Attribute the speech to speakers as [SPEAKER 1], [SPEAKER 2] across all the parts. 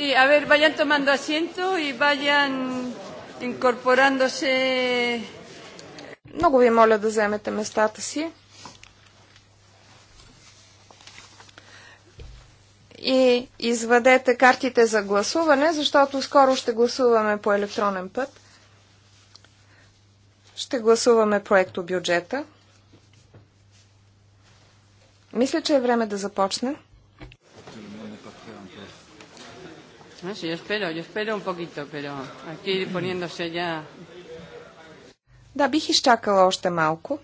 [SPEAKER 1] Sí, a ver, vayan tomando asiento y vayan incorporándose.
[SPEAKER 2] Много ви моля да вземете местата си. И извадете картите за гласуване, защото скоро ще гласуваме по електронен път. Ще гласуваме проекто бюджета. Мисля, че е време да започнем.
[SPEAKER 1] No, sí, yo espero, yo espero un poquito, pero aquí poniéndose ya...
[SPEAKER 2] Да, бих изчакала още малко.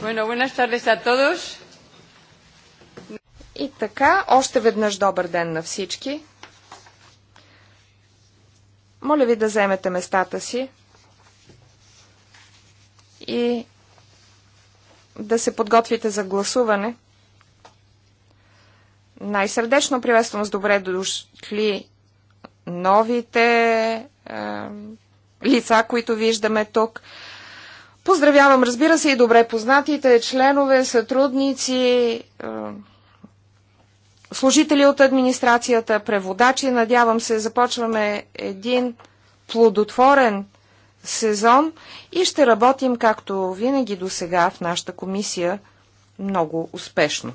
[SPEAKER 1] Bueno, buenas tardes a todos.
[SPEAKER 2] И така, още веднъж добър ден на всички. Моля ви да вземете местата си и да се подготвите за гласуване. Най-сърдечно приветствам с добре дошли новите е, лица, които виждаме тук. Поздравявам, разбира се, и добре познатите членове, сътрудници, е, служители от администрацията, преводачи. Надявам се, започваме един плодотворен сезон и ще работим, както винаги до сега в нашата комисия, много успешно.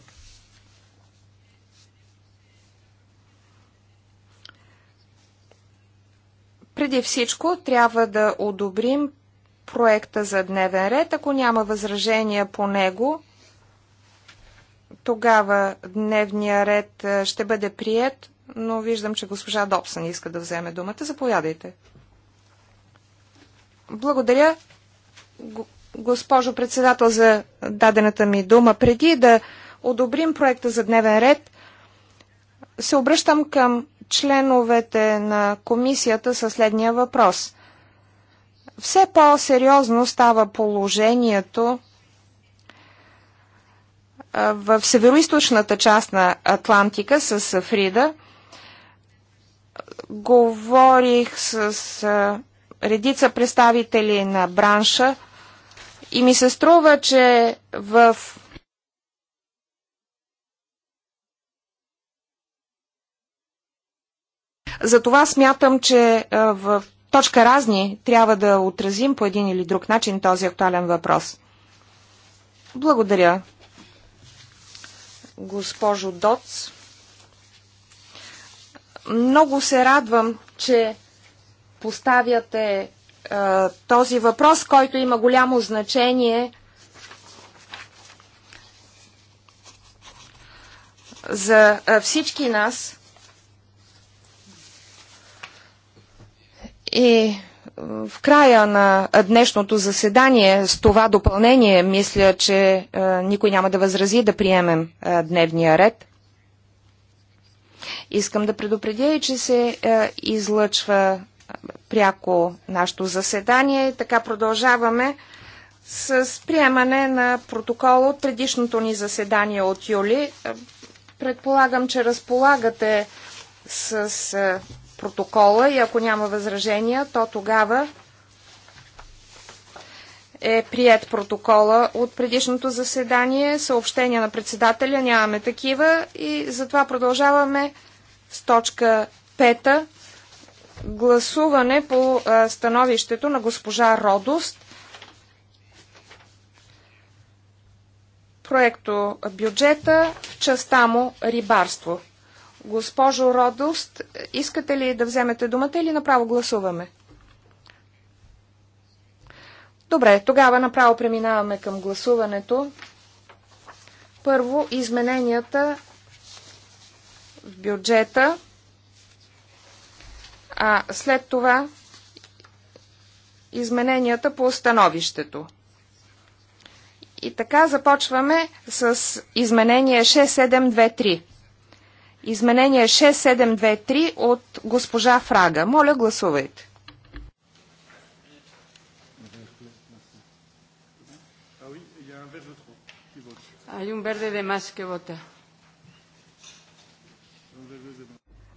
[SPEAKER 2] Преди всичко трябва да одобрим проекта за дневен ред. Ако няма възражения по него, тогава дневния ред ще бъде прият, но виждам, че госпожа Добсън иска да вземе думата. Заповядайте. Благодаря, госпожо председател, за дадената ми дума. Преди да одобрим проекта за дневен ред, се обръщам към членовете на комисията със следния въпрос. Все по-сериозно става положението в североизточната част на Атлантика с Фрида. Говорих с редица представители на бранша и ми се струва, че в Затова смятам, че в точка разни трябва да отразим по един или друг начин този актуален въпрос. Благодаря госпожо Доц. Много се радвам, че поставяте а, е, този въпрос, който има голямо значение за а, е, всички нас. И в края на днешното заседание с това допълнение мисля, че е, никой няма да възрази да приемем е, дневния ред. Искам да предупредя и, че се е, излъчва пряко нашето заседание. Така продължаваме с приемане на протокола от предишното ни заседание от юли. Предполагам, че разполагате с протокола и ако няма възражения, то тогава е прият протокола от предишното заседание. Съобщения на председателя нямаме такива и затова продължаваме с точка пета. Гласуване по становището на госпожа Родост. Проекто бюджета в частта му рибарство. Госпожо Родост, искате ли да вземете думата или направо гласуваме? Добре, тогава направо преминаваме към гласуването. Първо, измененията в бюджета, а след това измененията по становището. И така започваме с изменение 6723. Изменение 6723 от госпожа Фрага. Моля, гласувайте.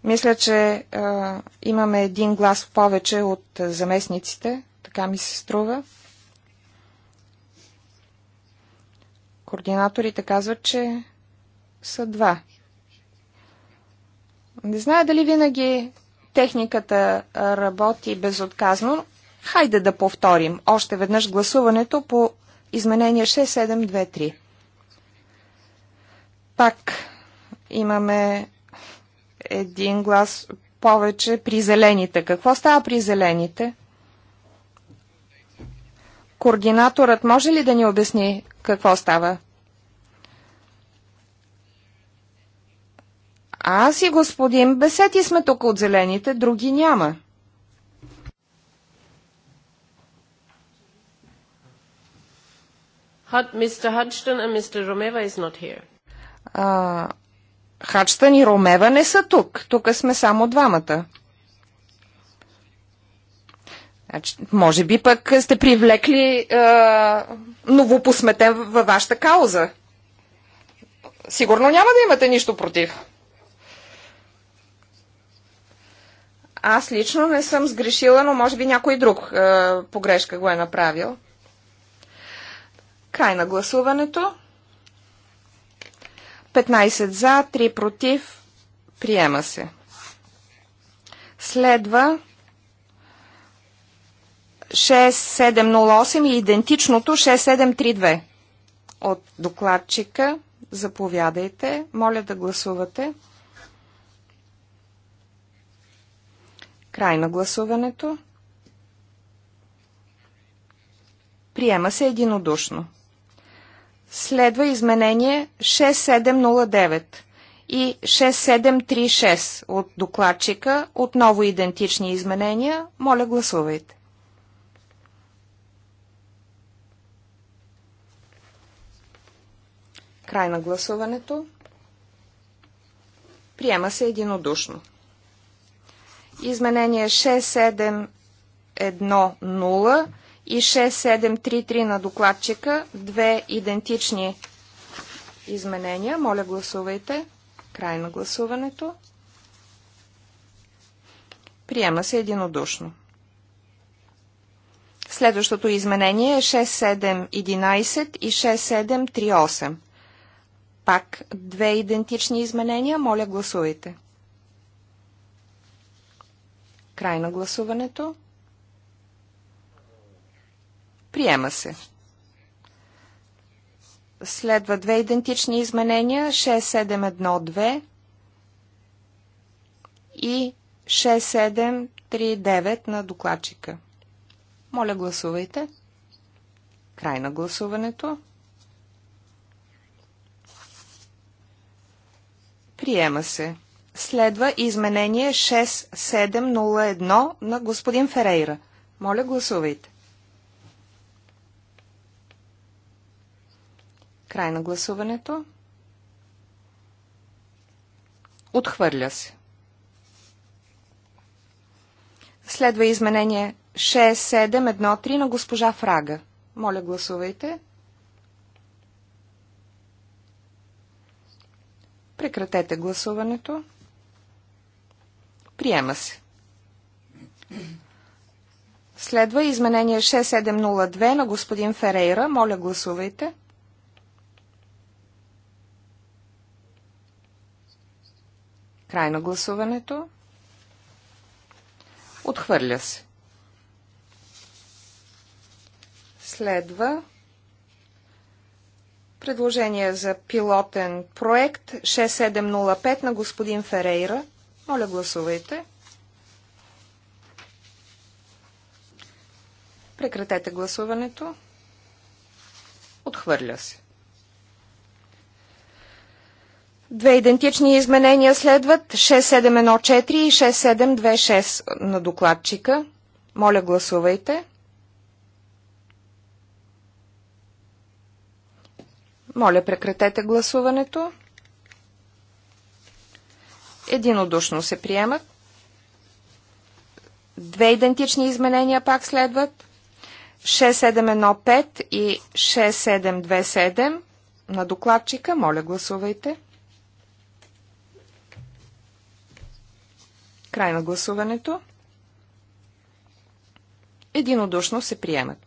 [SPEAKER 2] Мисля, че а, имаме един глас повече от заместниците. Така ми се струва. Координаторите казват, че са два. Не зная дали винаги техниката работи безотказно. Хайде да повторим още веднъж гласуването по изменение 6723. Пак имаме един глас повече при зелените. Какво става при зелените? Координаторът може ли да ни обясни какво става Аз и господин Бесети сме тук от зелените, други няма.
[SPEAKER 3] Mr.
[SPEAKER 2] и Ромева не са тук. Тук сме само двамата. Значи, може би пък сте привлекли е, новопосметен във вашата кауза. Сигурно няма да имате нищо против. Аз лично не съм сгрешила, но може би някой друг е, погрешка го е направил. Край на гласуването. 15 за, 3 против. Приема се. Следва 6708 и идентичното 6732 от докладчика. Заповядайте. Моля да гласувате. Край на гласуването. Приема се единодушно. Следва изменение 6709 и 6736 от докладчика. Отново идентични изменения. Моля, гласувайте. Край на гласуването. Приема се единодушно изменение 6710 и 6733 на докладчика. Две идентични изменения. Моля, гласувайте. Край на гласуването. Приема се единодушно. Следващото изменение е 6711 и 6738. Пак две идентични изменения. Моля, гласувайте. Край на гласуването. Приема се. Следва две идентични изменения 6712 и 6739 на докладчика. Моля, гласувайте. Край на гласуването. Приема се. Следва изменение 6701 на господин Ферейра. Моля, гласувайте. Край на гласуването. Отхвърля се. Следва изменение 6713 на госпожа Фрага. Моля, гласувайте. Прекратете гласуването. Приема се. Следва изменение 6702 на господин Ферейра. Моля, гласувайте. Край на гласуването. Отхвърля се. Следва предложение за пилотен проект 6705 на господин Ферейра. Моля, гласувайте. Прекратете гласуването. Отхвърля се. Две идентични изменения следват 6714 и 6726 на докладчика. Моля, гласувайте. Моля, прекратете гласуването единодушно се приемат. Две идентични изменения пак следват. 6715 и 6727 на докладчика. Моля, гласувайте. Край на гласуването. Единодушно се приемат.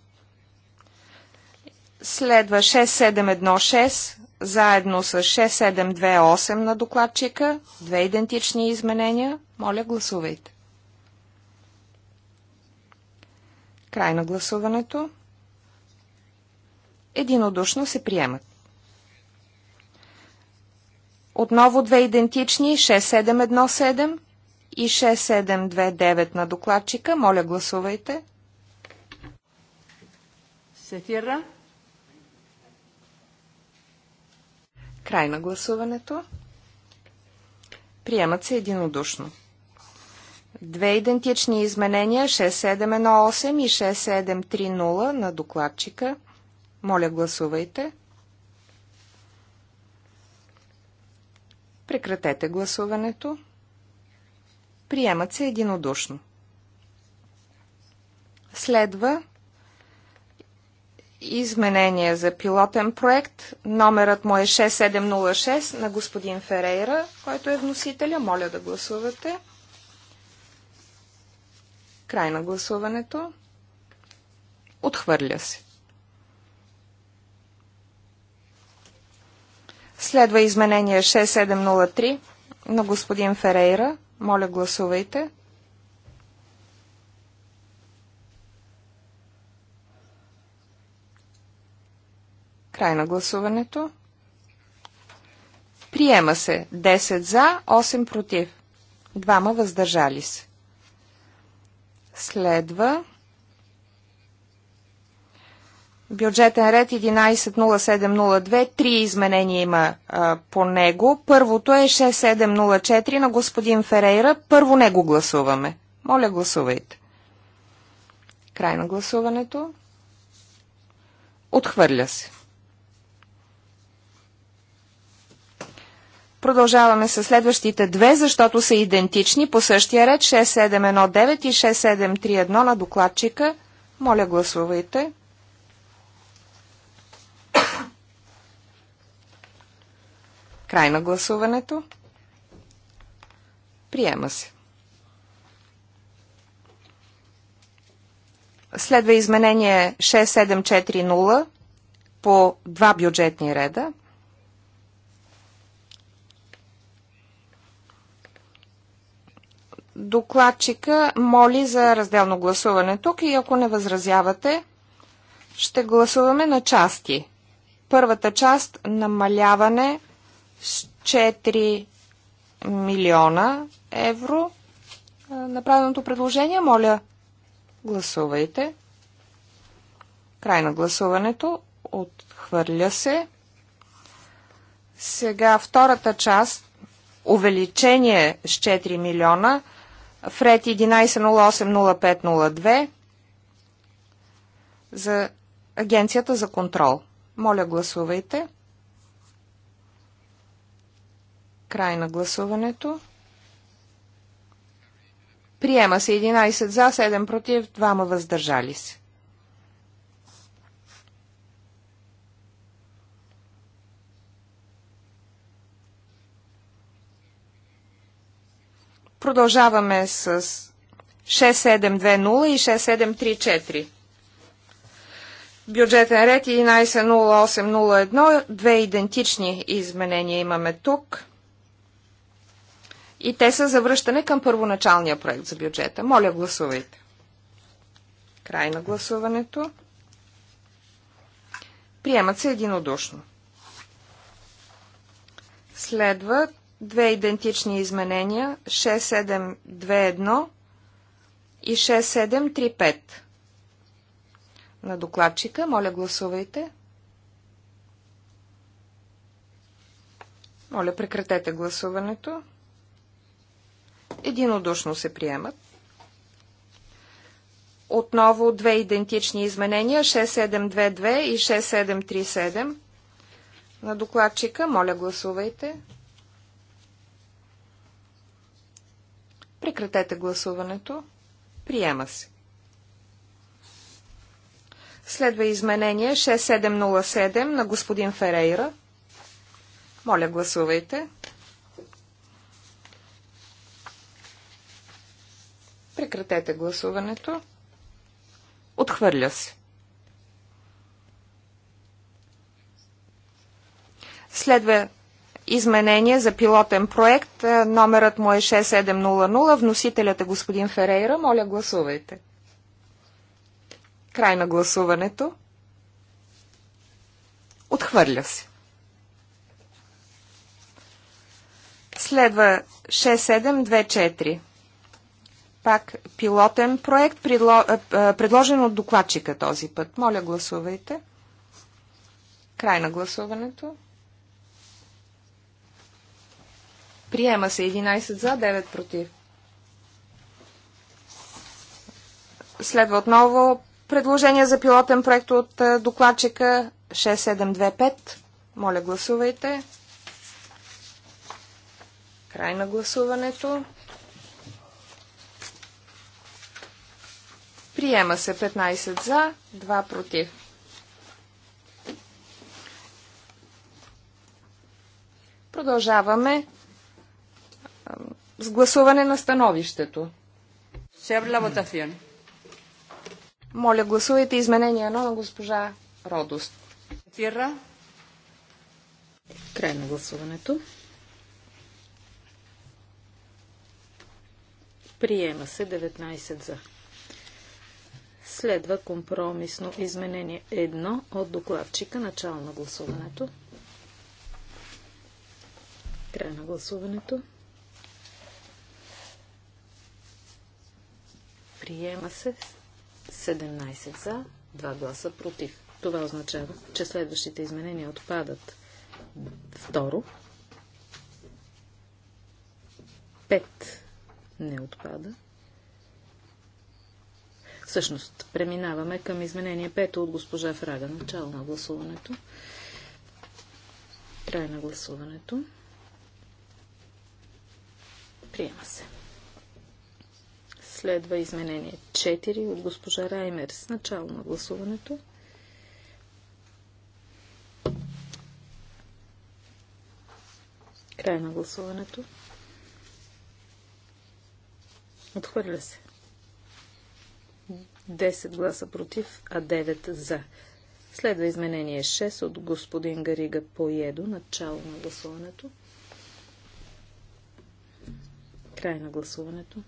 [SPEAKER 2] Следва 6716 заедно с 6728 на докладчика, две идентични изменения. Моля, гласувайте. Край на гласуването. Единодушно се приемат. Отново две идентични 6717 и 6729 на докладчика. Моля, гласувайте. Се Край на гласуването. Приемат се единодушно. Две идентични изменения 6718 и 6730 на докладчика. Моля, гласувайте. Прекратете гласуването. Приемат се единодушно. Следва изменение за пилотен проект. Номерът му е 6706 на господин Ферейра, който е вносителя. Моля да гласувате. Край на гласуването. Отхвърля се. Следва изменение 6703 на господин Ферейра. Моля гласувайте. Край на гласуването. Приема се 10 за, 8 против. Двама въздържали се. Следва бюджетен ред 110702. Три изменения има а, по него. Първото е 6704 на господин Ферейра. Първо него гласуваме. Моля, гласувайте. Край на гласуването. Отхвърля се. Продължаваме с следващите две, защото са идентични по същия ред 6719 и 6731 на докладчика. Моля, гласувайте. Край на гласуването. Приема се. Следва изменение 6740 по два бюджетни реда. докладчика моли за разделно гласуване тук и ако не възразявате, ще гласуваме на части. Първата част намаляване с 4 милиона евро. Направеното предложение, моля, гласувайте. Край на гласуването. Отхвърля се. Сега втората част увеличение с 4 милиона – Фред 11080502 за Агенцията за контрол. Моля, гласувайте. Край на гласуването. Приема се 11 за, 7 против, 2 въздържали се. Продължаваме с 6720 и 6734. Бюджетен ред 110801. Две идентични изменения имаме тук. И те са за връщане към първоначалния проект за бюджета. Моля, гласувайте. Край на гласуването. Приемат се единодушно. Следват две идентични изменения 6721 и 6735 на докладчика. Моля, гласувайте. Моля, прекратете гласуването. Единодушно се приемат. Отново две идентични изменения 6722 и 6737 на докладчика. Моля, гласувайте. Прекратете гласуването. Приема се. Следва изменение 6707 на господин Ферейра. Моля, гласувайте. Прекратете гласуването. Отхвърля се. Следва изменение за пилотен проект. Е, номерът му е 6700. Вносителят е господин Ферейра. Моля, гласувайте. Край на гласуването. Отхвърля се. Следва 6724. Пак пилотен проект, е, е, предложен от докладчика този път. Моля, гласувайте. Край на гласуването. Приема се 11 за, 9 против. Следва отново предложение за пилотен проект от е, докладчика 6725. Моля, гласувайте. Край на гласуването. Приема се 15 за, 2 против. Продължаваме с гласуване на становището. Моля, гласувайте изменение 1 на госпожа Родост. Край на гласуването.
[SPEAKER 3] Приема се 19 за. Следва компромисно изменение 1 от докладчика начало на гласуването. Край на гласуването. Приема се 17 за, 2 гласа против. Това означава, че следващите изменения отпадат. Второ. 5 не отпада. Всъщност, преминаваме към изменение 5 от госпожа Фрага. Начало на гласуването. Край на гласуването. Приема се. Следва изменение 4 от госпожа Раймер с начало на гласуването. Край на гласуването. Отхвърля се. 10 гласа против, а 9 за. Следва изменение 6 от господин Гарига Поедо, начало на гласуването. Край на гласуването.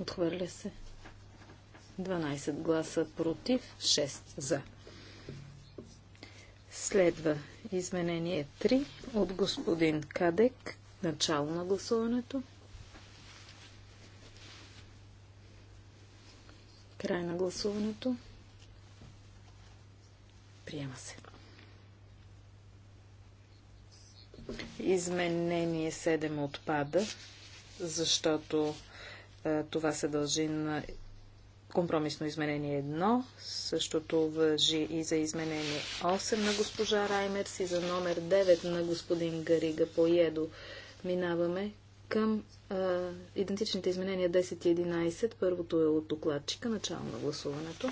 [SPEAKER 3] Отхвърля се. 12 гласа против, 6 за. Следва изменение 3 от господин Кадек. Начало на гласуването. Край на гласуването. Приема се. Изменение 7 отпада, защото е, това се дължи на компромисно изменение 1. Същото въжи и за изменение 8 на госпожа Раймерс и за номер 9 на господин Гарига Поедо. Минаваме към а, е, идентичните изменения 10 и 11. Първото е от докладчика, начало на гласуването.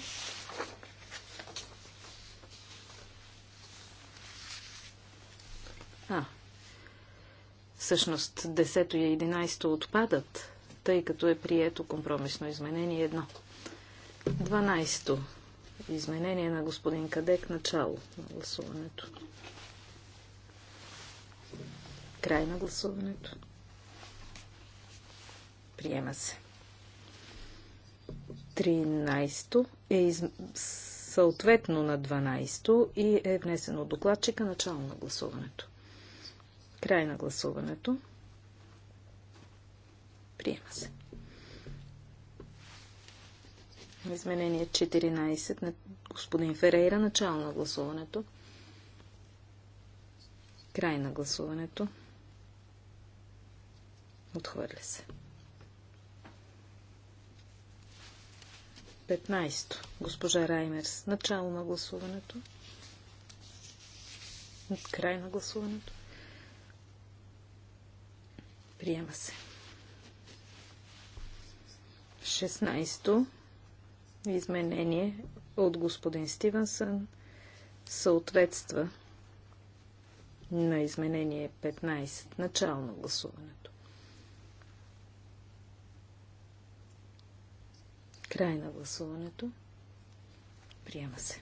[SPEAKER 3] А, всъщност 10 и 11 отпадат тъй като е прието компромисно изменение 1. 12. то Изменение на господин Кадек. Начало на гласуването. Край на гласуването. Приема се. 13 е из... съответно на 12 то и е внесено докладчика начало на гласуването. Край на гласуването. Приема се. Изменение 14 на господин Ферейра. Начало на гласуването. Край на гласуването. Отхвърля се. 15. Госпожа Раймерс. Начало на гласуването. Край на гласуването. Приема се. 16-то изменение от господин Стивенсън съответства на изменение 15, начало на гласуването. Край на гласуването. Приема се.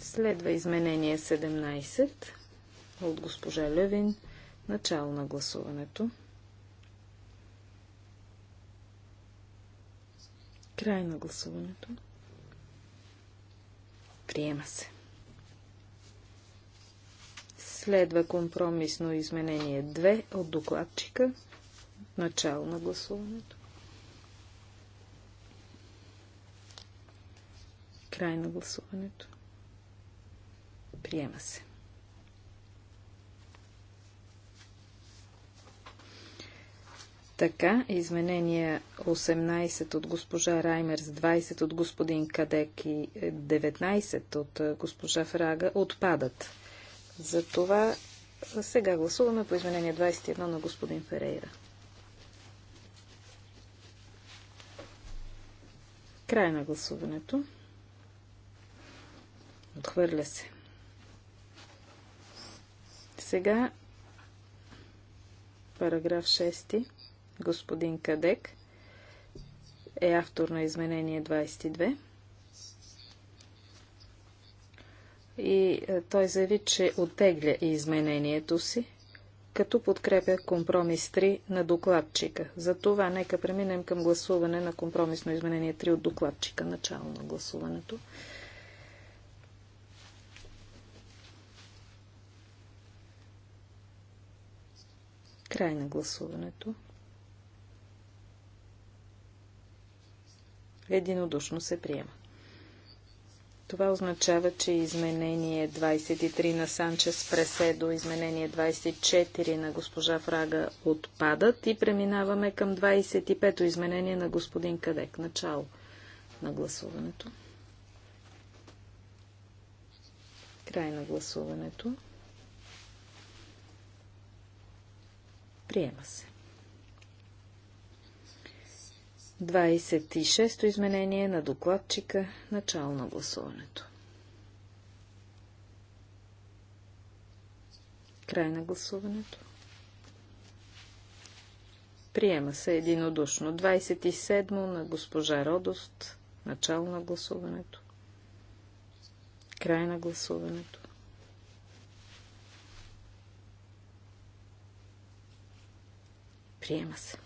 [SPEAKER 3] Следва изменение 17 от госпожа Левин. Начало на гласуването. Край на гласуването. Приема се. Следва компромисно изменение 2 от докладчика. Начало на гласуването. Край на гласуването. Приема се. Така, изменения 18 от госпожа Раймерс, 20 от господин Кадек и 19 от госпожа Фрага отпадат. Затова сега гласуваме по изменение 21 на господин Ферейра. Край на гласуването. Отхвърля се. Сега параграф 6. Господин Кадек е автор на изменение 22. И е, той заяви, че оттегля изменението си, като подкрепя компромис 3 на докладчика. За това нека преминем към гласуване на компромисно изменение 3 от докладчика. Начало на гласуването. Край на гласуването. единодушно се приема. Това означава, че изменение 23 на Санчес Преседо, изменение 24 на госпожа Фрага отпадат и преминаваме към 25-то изменение на господин Кадек. Начало на гласуването. Край на гласуването. Приема се. 26-то изменение на докладчика, начало на гласуването. Край на гласуването. Приема се единодушно. 27 на госпожа Родост, начало на гласуването. Край на гласуването. Приема се.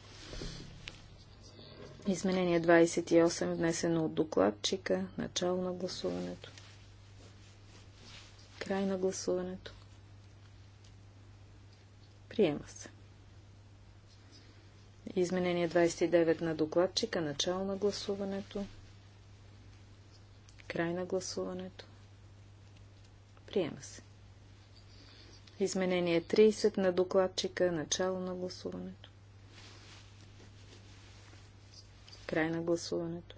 [SPEAKER 3] Изменение 28, внесено от докладчика. Начало на гласуването. Край на гласуването. Приема се. Изменение 29 на докладчика. Начало на гласуването. Край на гласуването. Приема се. Изменение 30 на докладчика. Начало на гласуването. Край на гласуването.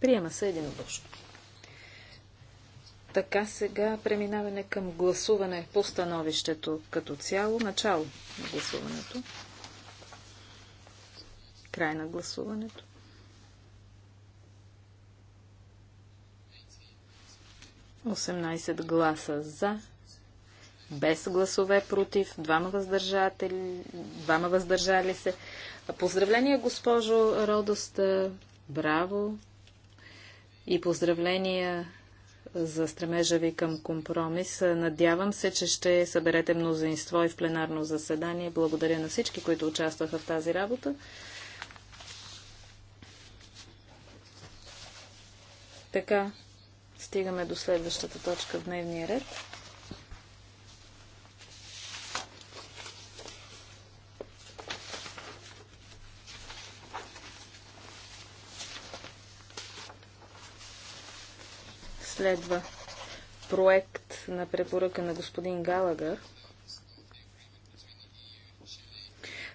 [SPEAKER 3] Приема се единодушно. Така сега преминаваме към гласуване по становището като цяло. Начало на гласуването. Край на гласуването. Осемнайсет гласа за, без гласове против, двама въздържатели, двама въздържали се. Поздравления, госпожо Родост, браво и поздравления за стремежа ви към компромис. Надявам се, че ще съберете мнозинство и в пленарно заседание. Благодаря на всички, които участваха в тази работа. Така, стигаме до следващата точка в дневния ред. Следва проект на препоръка на господин Галагър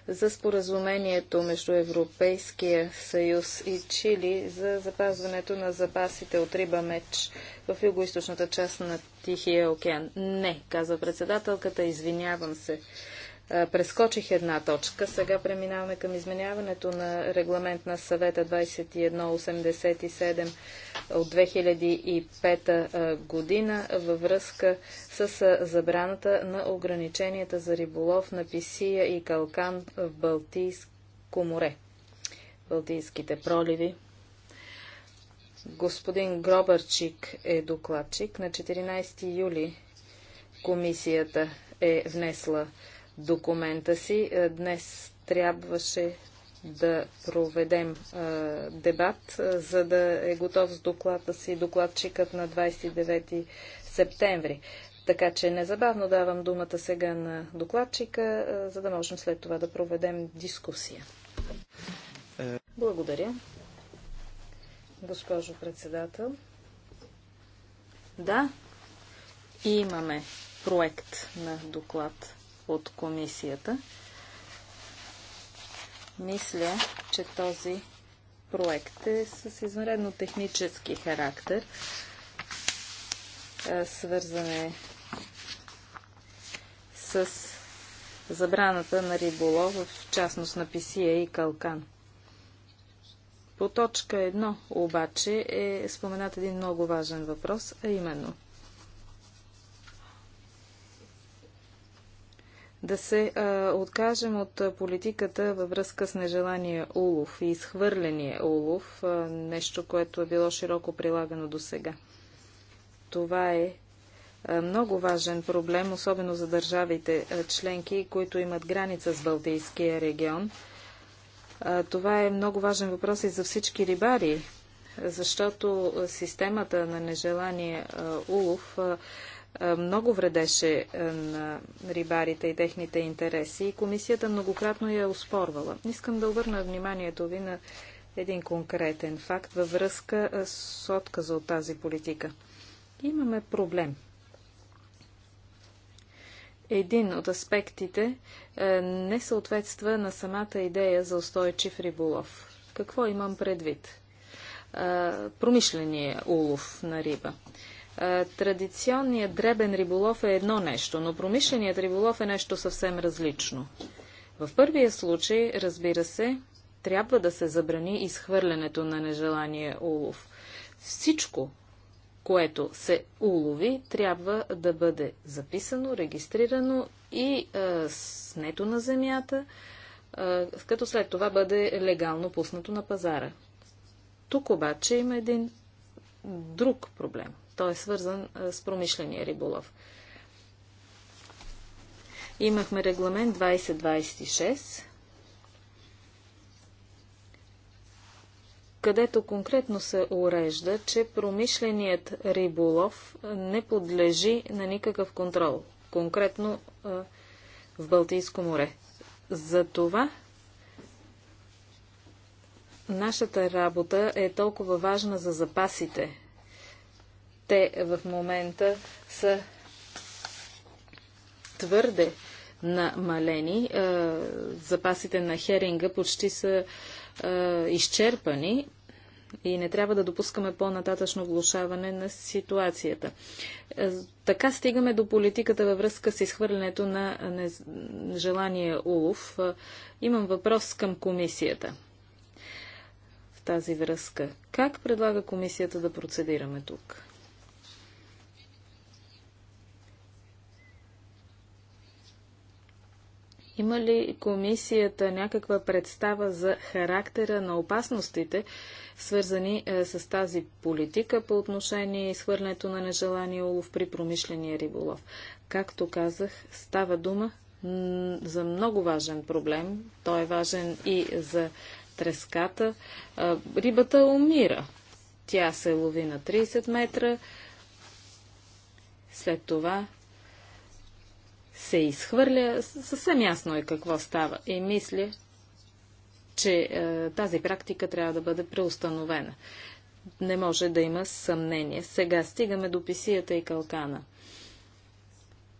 [SPEAKER 3] за споразумението между Европейския съюз и Чили за запазването на запасите от риба меч в югоизточната част на Тихия океан. Не, каза председателката, извинявам се. Прескочих една точка. Сега преминаваме към изменяването на регламент на съвета 2187 от 2005 година във връзка с забраната на ограниченията за риболов на Писия и Калкан в Балтийско море. Балтийските проливи. Господин Гробърчик е докладчик. На 14 юли комисията е внесла документа си. Е, днес трябваше да проведем а, е, дебат, а, е, за да е готов с доклада си докладчикът на 29 септември. Така че незабавно давам думата сега на докладчика, а, за да можем след това да проведем дискусия. Благодаря. Госпожо председател. Да, имаме проект на доклад от комисията. Мисля, че този проект е с извънредно технически характер. Свързан е с забраната на риболов, в частност на писия и калкан. По точка 1 обаче е споменат един много важен въпрос, а именно – да се а, откажем от политиката във връзка с нежелания улов и изхвърления улов, а, нещо, което е било широко прилагано до сега. Това е а, много важен проблем, особено за държавите а, членки, които имат граница с Балтийския регион. А, това е много важен въпрос и за всички рибари, защото системата на нежелания улов а, е, много вредеше е, на рибарите и техните интереси и комисията многократно я е оспорвала. Искам да обърна вниманието ви на един конкретен факт във връзка с отказа от тази политика. Имаме проблем. Един от аспектите не съответства на самата идея за устойчив риболов. Какво имам предвид? Промишления улов на риба. Е, традиционният дребен риболов е едно нещо, но промишленият риболов е нещо съвсем различно. В първия случай, разбира се, трябва да се забрани изхвърлянето на нежелания улов. Всичко, което се улови, трябва да бъде записано, регистрирано и е, снето на земята, е, като след това бъде легално пуснато на пазара. Тук обаче има един друг проблем – той е свързан с промишления риболов. Имахме регламент 2026, където конкретно се урежда, че промишленият риболов не подлежи на никакъв контрол, конкретно в Балтийско море. Затова нашата работа е толкова важна за запасите те в момента са твърде намалени. Е, запасите на херинга почти са е, изчерпани и не трябва да допускаме по-нататъчно влушаване на ситуацията. Е, така стигаме до политиката във връзка с изхвърлянето на нежелания улов. Имам въпрос към комисията в тази връзка. Как предлага комисията да процедираме тук? Има ли комисията някаква представа за характера на опасностите, свързани е, с тази политика по отношение изхвърлянето на нежелания улов при промишления риболов? Както казах, става дума за много важен проблем. Той е важен и за треската. Е, рибата умира. Тя се лови на 30 метра. След това се изхвърля, съвсем ясно е какво става. И мисля, че е, тази практика трябва да бъде преустановена. Не може да има съмнение. Сега стигаме до писията и калкана.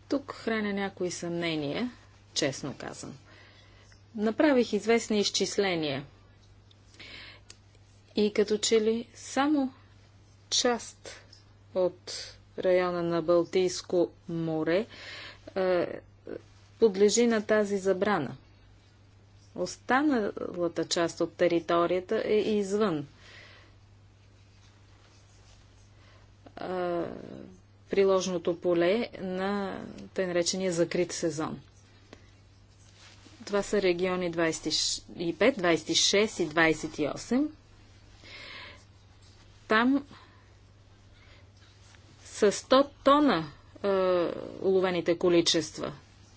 [SPEAKER 3] Тук храня някои съмнения, честно казвам. Направих известни изчисления. И като че ли само част от района на Балтийско море е, подлежи на тази забрана. Останалата част от територията е извън е, приложното поле на тъй наречения закрит сезон. Това са региони 25, 26 и 28. Там са 100 тона е, уловените количества.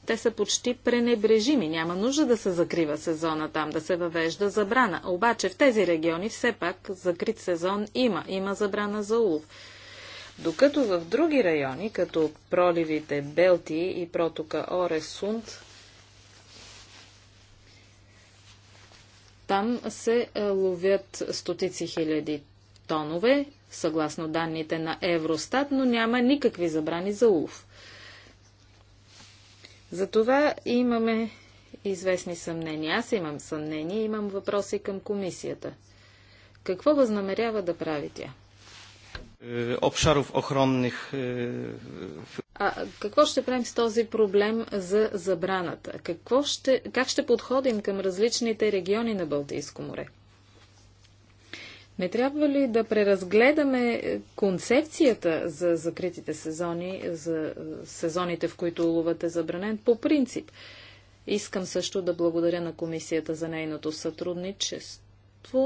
[SPEAKER 3] Те са почти пренебрежими. Няма нужда да се закрива сезона там, да се въвежда забрана. Обаче в тези региони все пак закрит сезон има. Има забрана за улов. Докато в други райони, като проливите Белти и протока Оресунд, там се е, ловят стотици хиляди тонове съгласно данните на Евростат, но няма никакви забрани за улов. Затова имаме известни съмнения. Аз имам съмнения, имам въпроси към комисията. Какво възнамерява да прави тя?
[SPEAKER 1] Е, обшаров охронних... Е,
[SPEAKER 3] а какво ще правим с този проблем за забраната? Какво ще, как ще подходим към различните региони на Балтийско море? Не трябва ли да преразгледаме концепцията за закритите сезони, за е, сезоните, в които уловът е забранен, по принцип? Искам също да благодаря на комисията за нейното сътрудничество е,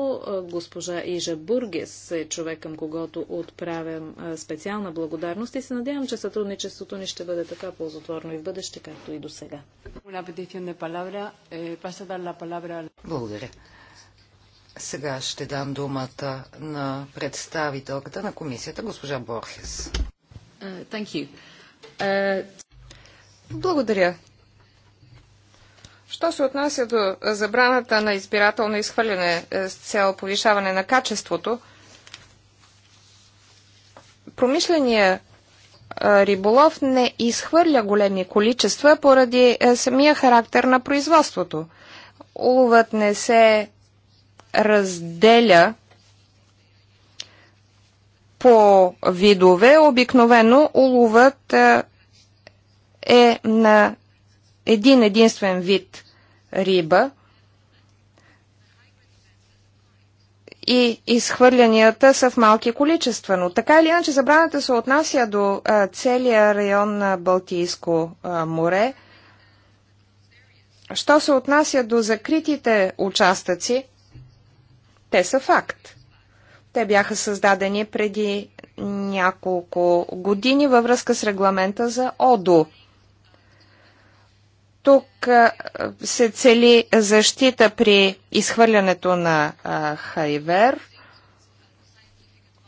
[SPEAKER 3] Госпожа Ижа Бургес е човек, към когото отправям е, специална благодарност и се надявам, че сътрудничеството ни ще бъде така ползотворно и в бъдеще, както и до сега.
[SPEAKER 1] Eh, благодаря. Сега ще дам думата на представителката на комисията, госпожа Борхес. Uh, uh, Благодаря. Що се отнася
[SPEAKER 2] до забраната на избирателно изхвърляне е, с цел повишаване на качеството, промишления е, риболов не изхвърля големи количества поради е, самия характер на производството. Уловът не се разделя по видове. Обикновено уловът е на един единствен вид риба и изхвърлянията са в малки количества. Но така или иначе забраната се отнася до целия район на Балтийско море. Що се отнася до закритите участъци, те са факт. Те бяха създадени преди няколко години във връзка с регламента за ОДО. Тук се цели защита при изхвърлянето на хайвер,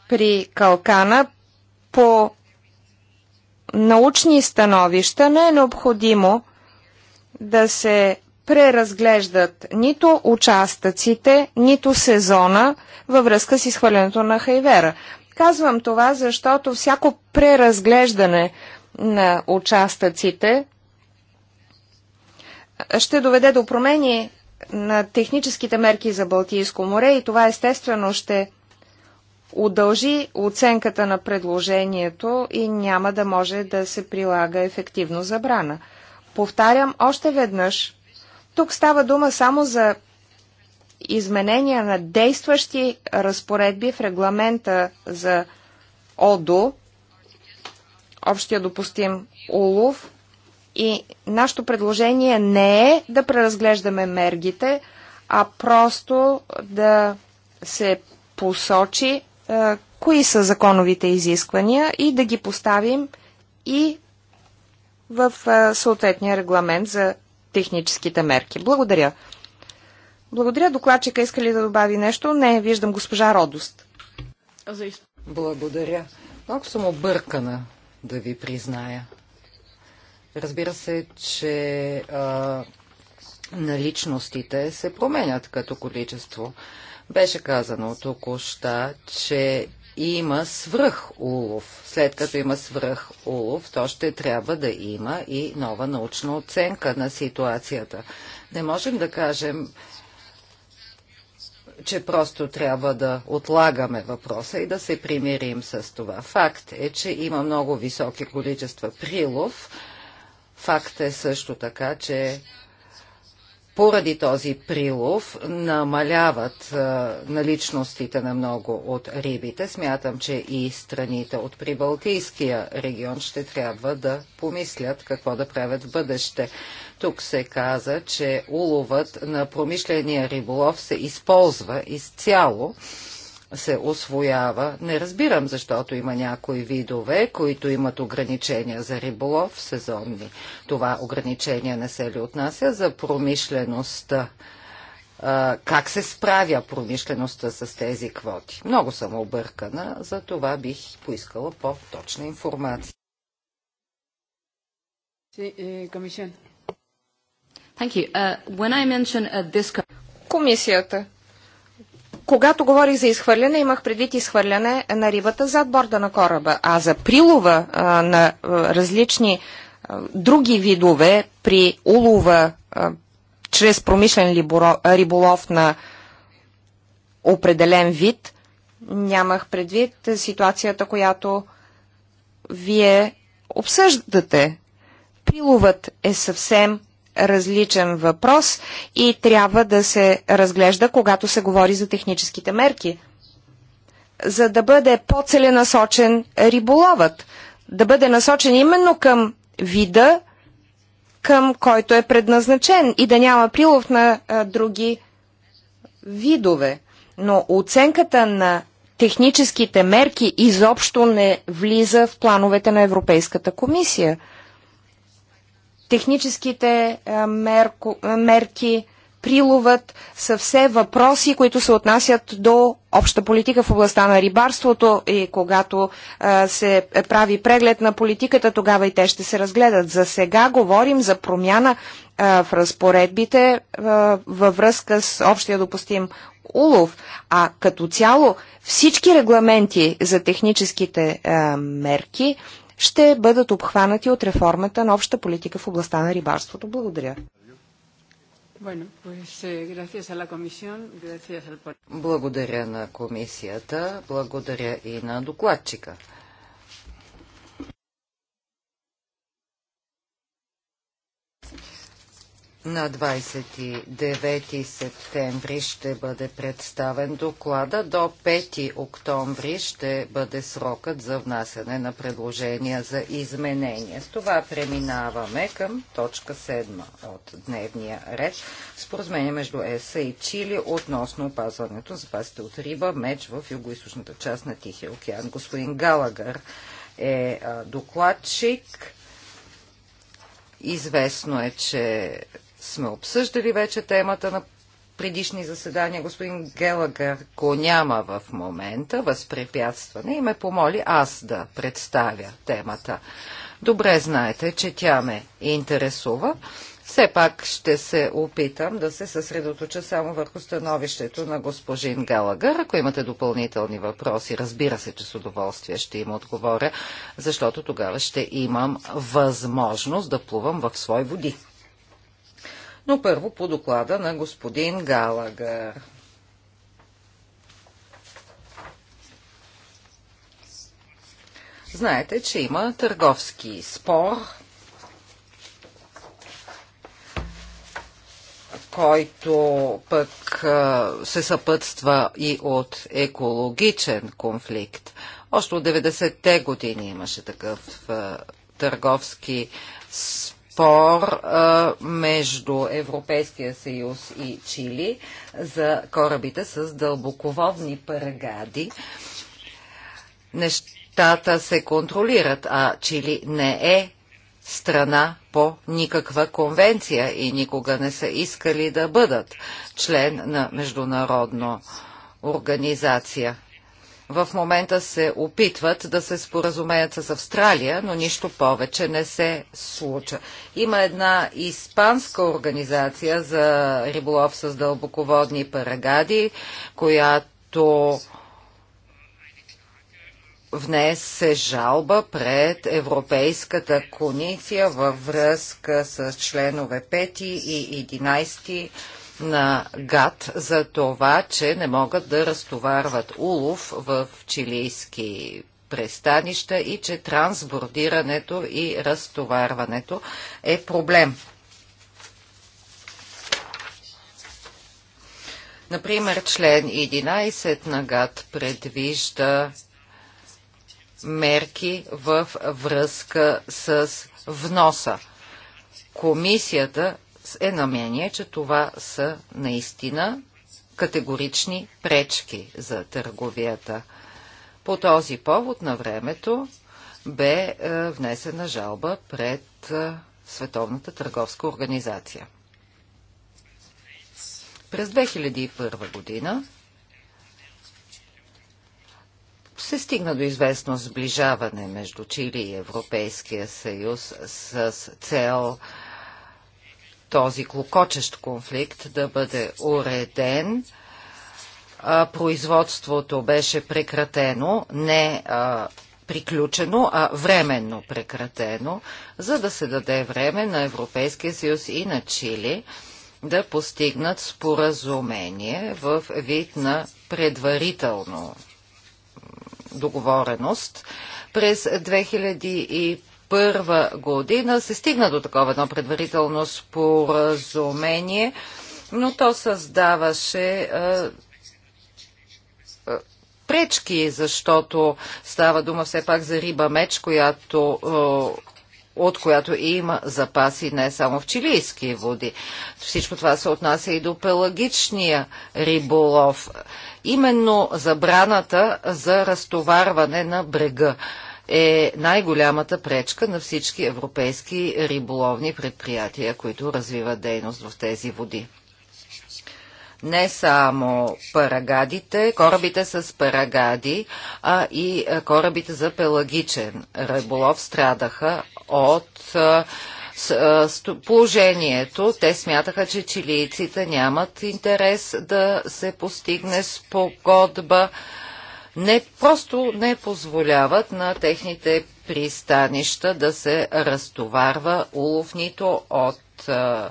[SPEAKER 2] при калкана по научни становища не е необходимо да се преразглеждат нито участъците, нито сезона във връзка с изхвърлянето на хайвера. Казвам това, защото всяко преразглеждане на участъците ще доведе до промени на техническите мерки за Балтийско море и това естествено ще удължи оценката на предложението и няма да може да се прилага ефективно забрана. Повтарям още веднъж, тук става дума само за изменения на действащи разпоредби в регламента за ОДО, общия допустим улов, и нашето предложение не е да преразглеждаме мергите, а просто да се посочи е, кои са законовите изисквания и да ги поставим и в е, съответния регламент за техническите мерки. Благодаря. Благодаря. Докладчика иска ли да добави нещо? Не, виждам госпожа Родост.
[SPEAKER 1] Благодаря. Много съм объркана, да ви призная. Разбира се, че а, наличностите се променят като количество. Беше казано току-що, че има свръх улов. След като има свръх улов, то ще трябва да има и нова научна оценка на ситуацията. Не можем да кажем, че просто трябва да отлагаме въпроса и да се примирим с това. Факт е, че има много високи количества прилов. Факт е също така, че поради този прилов намаляват наличностите на много от рибите. Смятам, че и страните от Прибалтийския регион ще трябва да помислят какво да правят в бъдеще. Тук се каза, че уловът на промишления риболов се използва изцяло се освоява. Не разбирам, защото има някои видове, които имат ограничения за риболов сезонни. Това ограничение не се ли отнася за промишлеността? Как се справя промишлеността с тези квоти? Много съм объркана, за това бих поискала по-точна информация.
[SPEAKER 3] Е, uh,
[SPEAKER 2] uh, Комисията когато говорих за изхвърляне, имах предвид изхвърляне на рибата зад борда на кораба, а за прилова а, на а, различни а, други видове при улова а, чрез промишлен риболов на определен вид, нямах предвид ситуацията, която вие обсъждате. Приловът е съвсем различен въпрос и трябва да се разглежда, когато се говори за техническите мерки. За да бъде по-целенасочен риболовът, да бъде насочен именно към вида, към който е предназначен и да няма прилов на а, други видове. Но оценката на техническите мерки изобщо не влиза в плановете на Европейската комисия – техническите е, мерко, е, мерки, приловът са все въпроси, които се отнасят до обща политика в областта на рибарството и когато а, е, се прави преглед на политиката, тогава и те ще се разгледат. За сега говорим за промяна а, в разпоредбите а, във връзка с общия допустим улов, а като цяло всички регламенти за техническите мерки ще бъдат обхванати от реформата на обща политика в областта на рибарството. Благодаря.
[SPEAKER 1] Eh, благодаря на комисията, благодаря и на докладчика. На 29 септември ще бъде представен доклада. До 5 октомври ще бъде срокът за внасяне на предложения за изменения. С това преминаваме към точка 7 от дневния ред. Споразумение между ЕСА и Чили относно опазването запасите от риба, меч в югоисточната част на Тихия океан. Господин Галагър е докладчик. Известно е, че сме обсъждали вече темата на предишни заседания. Господин Гелагър го няма в момента, възпрепятстване и ме помоли аз да представя темата. Добре знаете, че тя ме интересува. Все пак ще се опитам да се съсредоточа само върху становището на господин Галагър. Ако имате допълнителни въпроси, разбира се, че с удоволствие ще им отговоря, защото тогава ще имам възможност да плувам в свой води но първо по доклада на господин Галагър. Знаете, че има търговски спор, който пък се съпътства и от екологичен конфликт. Още от 90-те години имаше такъв търговски спор спор а, между Европейския съюз и Чили за корабите с дълбоководни парагади. Нещата се контролират, а Чили не е страна по никаква конвенция и никога не са искали да бъдат член на международно организация в момента се опитват да се споразумеят с Австралия, но нищо повече не се случва. Има една испанска организация за риболов с дълбоководни парагади, която внесе жалба пред Европейската комисия във връзка с членове 5 и 11 на ГАД за това, че не могат да разтоварват улов в чилийски пристанища и че трансбордирането и разтоварването е проблем. Например, член 11 на ГАД предвижда мерки в връзка с вноса. Комисията е на мнение, че това са наистина категорични пречки за търговията. По този повод на времето бе е, внесена жалба пред е, Световната търговска организация. През 2001 година се стигна до известно сближаване между Чили и Европейския съюз с цел е, този клокочещ конфликт да бъде уреден. производството беше прекратено, не а, приключено, а временно прекратено, за да се даде време на Европейския съюз и на Чили да постигнат споразумение в вид на предварително договореност. През 2005 първа година се стигна до такова едно предварително споразумение, но то създаваше а, е, е, пречки, защото става дума все пак за риба меч, която а, е, от която има запаси не само в чилийски води. Всичко това се отнася и до пелагичния риболов. Именно забраната за разтоварване на брега е най-голямата пречка на всички европейски риболовни предприятия, които развиват дейност в тези води. Не само парагадите, корабите с парагади, а и корабите за пелагичен риболов страдаха от положението. Те смятаха, че чилийците нямат интерес да се постигне спогодба. погодба не просто не позволяват на техните пристанища да се разтоварва улов нито от а,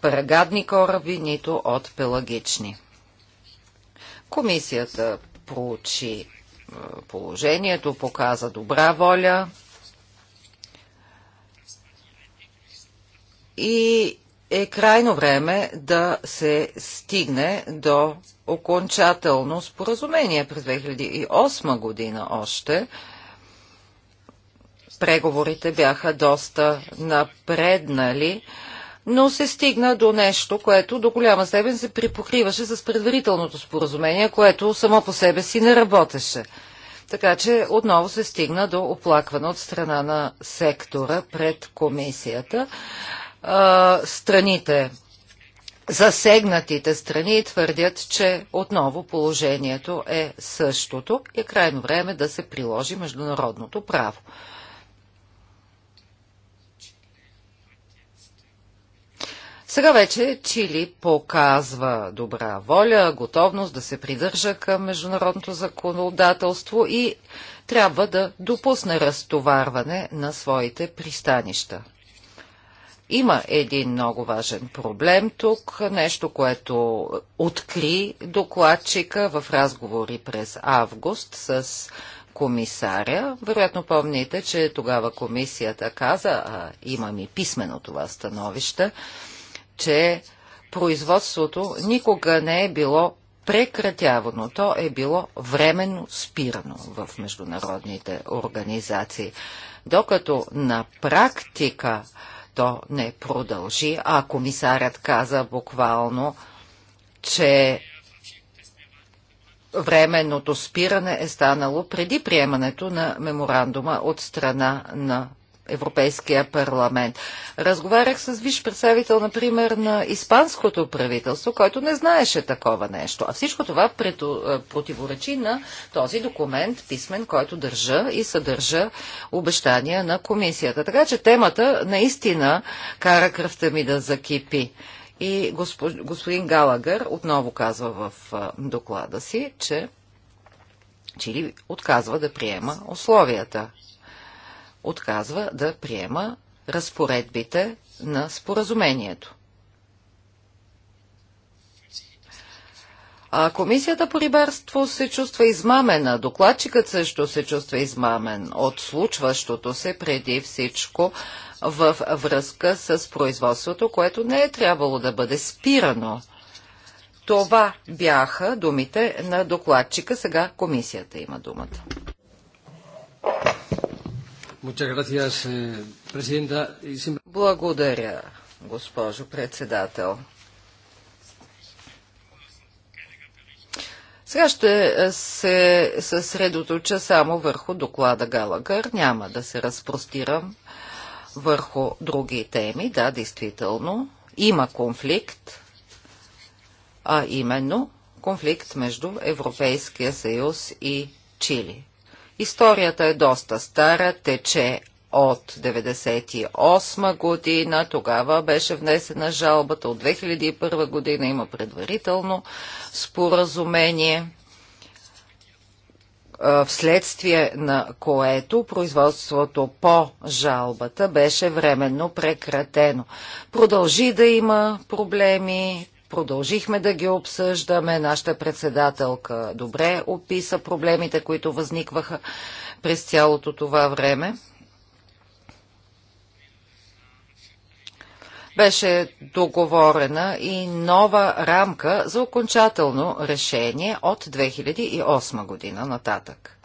[SPEAKER 1] парагадни кораби, нито от пелагични. Комисията проучи положението, показа добра воля и е крайно време да се стигне до окончателно споразумение през 2008 година още. Преговорите бяха доста напреднали, но се стигна до нещо, което до голяма степен се припокриваше с предварителното споразумение, което само по себе си не работеше. Така че отново се стигна до оплакване от страна на сектора пред комисията. страните Засегнатите страни твърдят, че отново положението е същото и е крайно време да се приложи международното право. Сега вече Чили показва добра воля, готовност да се придържа към международното законодателство и трябва да допусне разтоварване на своите пристанища. Има един много важен проблем тук, нещо, което откри докладчика в разговори през август с комисаря. Вероятно помните, че тогава комисията каза, а имам и писмено това становище, че производството никога не е било прекратявано, то е било временно спирано в международните организации. Докато на практика то не продължи, а комисарят каза буквално, че временното спиране е станало преди приемането на меморандума от страна на Европейския парламент. Разговарях с виш представител, например, на испанското правителство, който не знаеше такова нещо. А всичко това е, противоречи на този документ, писмен, който държа и съдържа обещания на комисията. Така че темата наистина кара кръвта ми да закипи. И господин Галагър отново казва в е, доклада си, че Чили отказва да приема условията отказва да приема разпоредбите на споразумението. А комисията по рибарство се чувства измамена, докладчикът също се чувства измамен от случващото се преди всичко в връзка с производството, което не е трябвало да бъде спирано. Това бяха думите на докладчика. Сега комисията има думата. Eh, Благодаря, госпожо председател. Сега ще е, се съсредоточа само върху доклада Галагър. Няма да се разпростирам върху други теми. Да, действително, има конфликт, а именно конфликт между Европейския съюз и Чили. Историята е доста стара, тече от 1998 година. Тогава беше внесена жалбата от 2001 година. Има предварително споразумение вследствие на което производството по жалбата беше временно прекратено. Продължи да има проблеми, Продължихме да ги обсъждаме. Нашата председателка добре описа проблемите, които възникваха през цялото това време. беше договорена и нова рамка за окончателно решение от 2008 година нататък.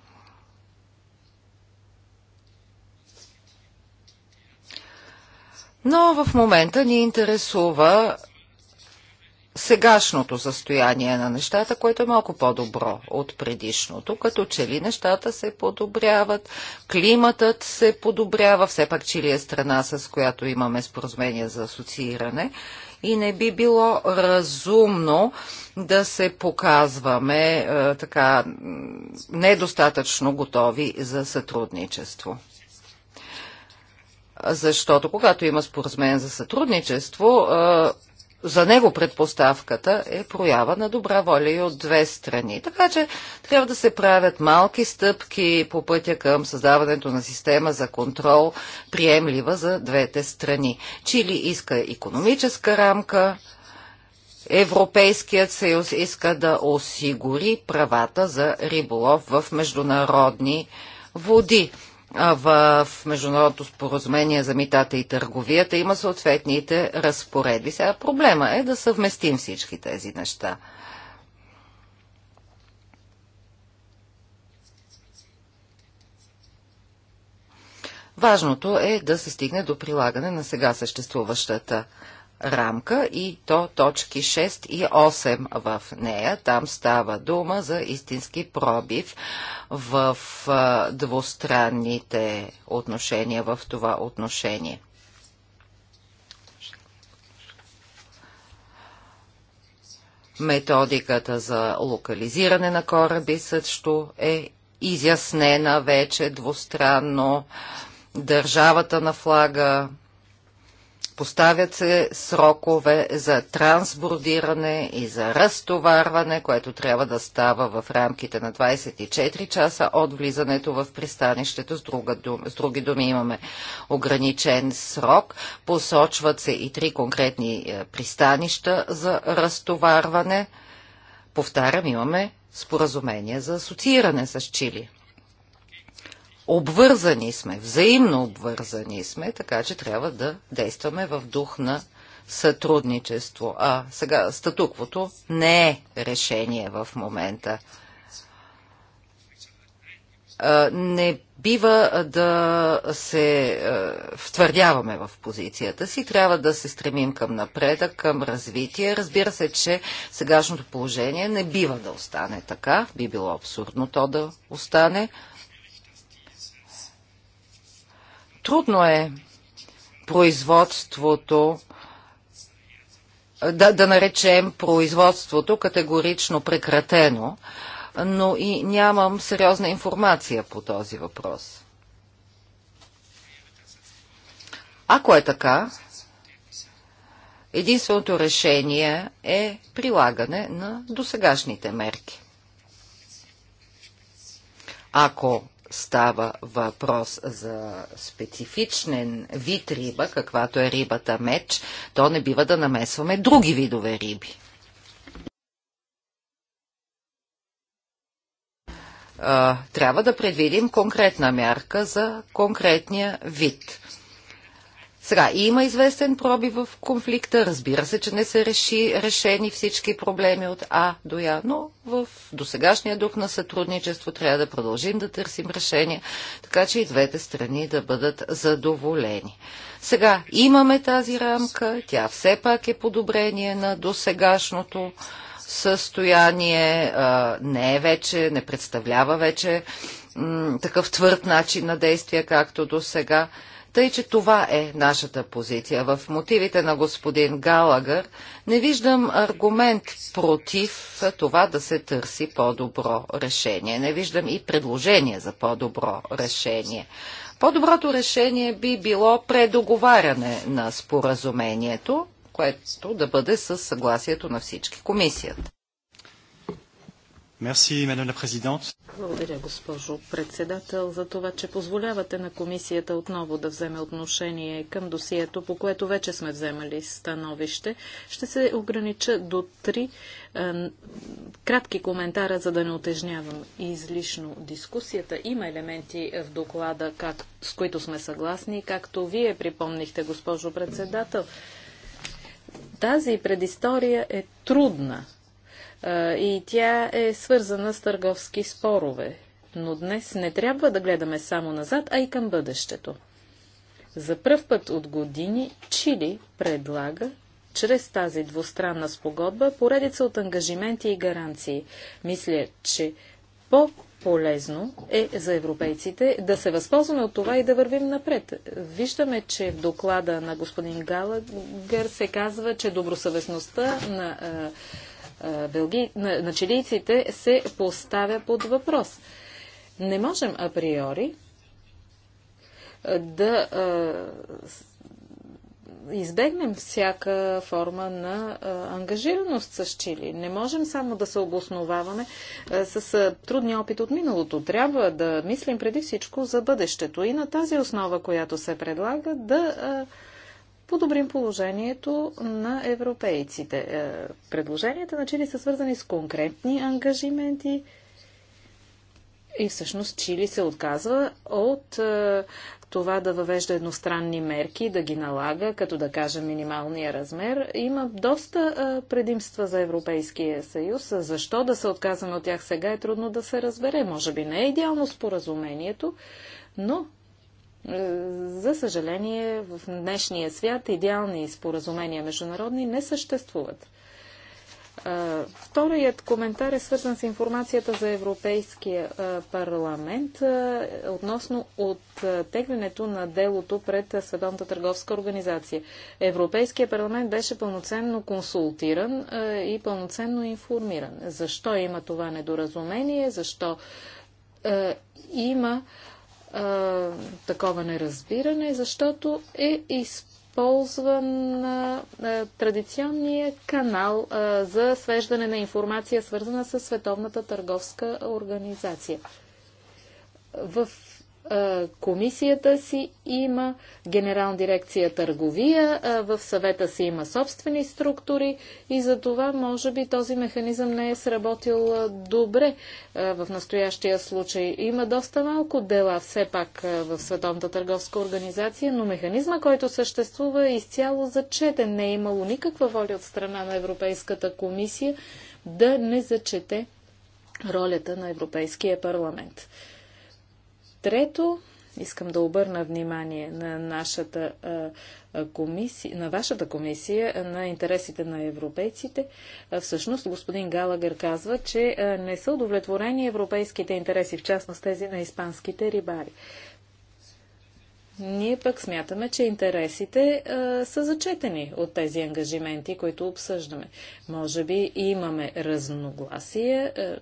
[SPEAKER 1] Но в момента ни интересува сегашното състояние на нещата, което е малко по-добро от предишното, като че ли нещата се подобряват, климатът се подобрява, все пак Чили е страна, с която имаме споразумение за асоцииране и не би било разумно да се показваме е, така недостатъчно готови за сътрудничество защото когато има споразумение за сътрудничество, е, за него предпоставката е проява на добра воля и от две страни. Така че трябва да се правят малки стъпки по пътя към създаването на система за контрол, приемлива за двете страни. Чили иска економическа рамка, Европейският съюз иска да осигури правата за риболов в международни води в Международното споразумение за митата и търговията има съответните разпоредби. Сега проблема е да съвместим всички тези неща. Важното е да се стигне до прилагане на сега съществуващата рамка и то точки 6 и 8 в нея. Там става дума за истински пробив в двустранните отношения, в това отношение. Методиката за локализиране на кораби също е изяснена вече двустранно. Държавата на флага Поставят се срокове за трансбордиране и за разтоварване, което трябва да става в рамките на 24 часа от влизането в пристанището. С, друга с други думи имаме ограничен срок. Посочват се и три конкретни е, пристанища за разтоварване. Повтарям, имаме споразумение за асоцииране с Чили. Обвързани сме, взаимно обвързани сме, така че трябва да действаме в дух на сътрудничество. А сега статуквото не е решение в момента. Не бива да се втвърдяваме в позицията си, трябва да се стремим към напредък, към развитие. Разбира се, че сегашното положение не бива да остане така, би било абсурдно то да остане. Трудно е производството да, да наречем производството категорично прекратено, но и нямам сериозна информация по този въпрос. Ако е така, единственото решение е прилагане на досегашните мерки. Ако става въпрос за специфичен вид риба, каквато е рибата меч, то не бива да намесваме други видове риби. трябва да предвидим конкретна мярка за конкретния вид. Сега, има известен проби в конфликта. Разбира се, че не са реши, решени всички проблеми от А до Я, но в досегашния дух на сътрудничество трябва да продължим да търсим решения, така че и двете страни да бъдат задоволени. Сега, имаме тази рамка, тя все пак е подобрение на досегашното състояние, не е вече, не представлява вече такъв твърд начин на действие, както до сега. Тъй, че това е нашата позиция. В мотивите на господин Галагър не виждам аргумент против това да се търси по-добро решение. Не виждам и предложение за по-добро решение. По-доброто решение би било предоговаряне на споразумението, което да бъде със съгласието на всички комисията.
[SPEAKER 2] Мерси, мадам президент.
[SPEAKER 3] Благодаря, госпожо председател, за това, че позволявате на комисията отново да вземе отношение към досието, по което вече сме вземали становище. Ще се огранича до три е, кратки коментара, за да не отежнявам излишно дискусията. Има елементи в доклада, как, с които сме съгласни, както вие припомнихте, госпожо председател. Тази предистория е трудна и тя е свързана с търговски спорове. Но днес не трябва да гледаме само назад, а и към бъдещето. За пръв път от години Чили предлага чрез тази двустранна спогодба поредица от ангажименти и гаранции. Мисля, че по-полезно е за европейците да се възползваме от това и да вървим напред. Виждаме, че в доклада на господин Галагър се казва, че добросъвестността на белги... на, на чилийците се поставя под въпрос. Не можем априори да избегнем всяка форма на а, ангажираност с Чили. Не можем само да се обосноваваме а, с а, трудни опит от миналото. Трябва да мислим преди всичко за бъдещето и на тази основа, която се предлага, да подобрим положението на европейците. Е, предложенията на Чили са свързани с конкретни ангажименти и всъщност Чили се отказва от е, това да въвежда едностранни мерки, да ги налага, като да кажа, минималния размер, има доста е, предимства за Европейския съюз. Защо да се отказваме от тях сега е трудно да се разбере. Може би не е идеално споразумението, но за съжаление, в днешния свят идеални споразумения международни не съществуват. Вторият коментар е свързан с информацията за Европейския парламент относно оттеглянето на делото пред Световната търговска организация. Европейския парламент беше пълноценно консултиран и пълноценно информиран. Защо има това недоразумение? Защо има а, такова неразбиране, защото е използван а, традиционния канал а, за свеждане на информация, свързана с Световната търговска организация. В комисията си има генерална дирекция търговия, в съвета си има собствени структури и за това може би този механизъм не е сработил добре в настоящия случай. Има доста малко дела все пак в Световната търговска организация, но механизма, който съществува е изцяло зачетен. Не е имало никаква воля от страна на Европейската комисия да не зачете ролята на Европейския парламент. Трето, искам да обърна внимание на нашата комисия, на вашата комисия, на интересите на европейците. Всъщност, господин Галагър казва, че не са удовлетворени европейските интереси, в частност тези на испанските рибари. Ние пък смятаме, че интересите а, са зачетени от тези ангажименти, които обсъждаме. Може би имаме разногласие, а,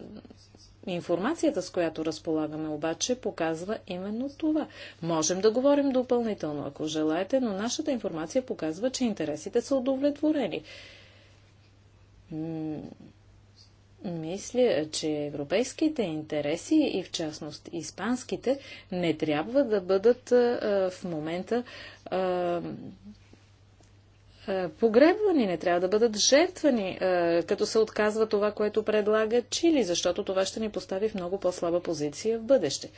[SPEAKER 3] Информацията, с която разполагаме обаче, показва именно това. Можем да говорим допълнително, ако желаете, но нашата информация показва, че интересите са удовлетворени. Мисля, че европейските интереси и в частност испанските не трябва да бъдат а, в момента а, е, погребвани, не трябва да бъдат жертвани, е, като се отказва това, което предлага Чили, защото това ще ни постави в много по-слаба позиция в бъдеще.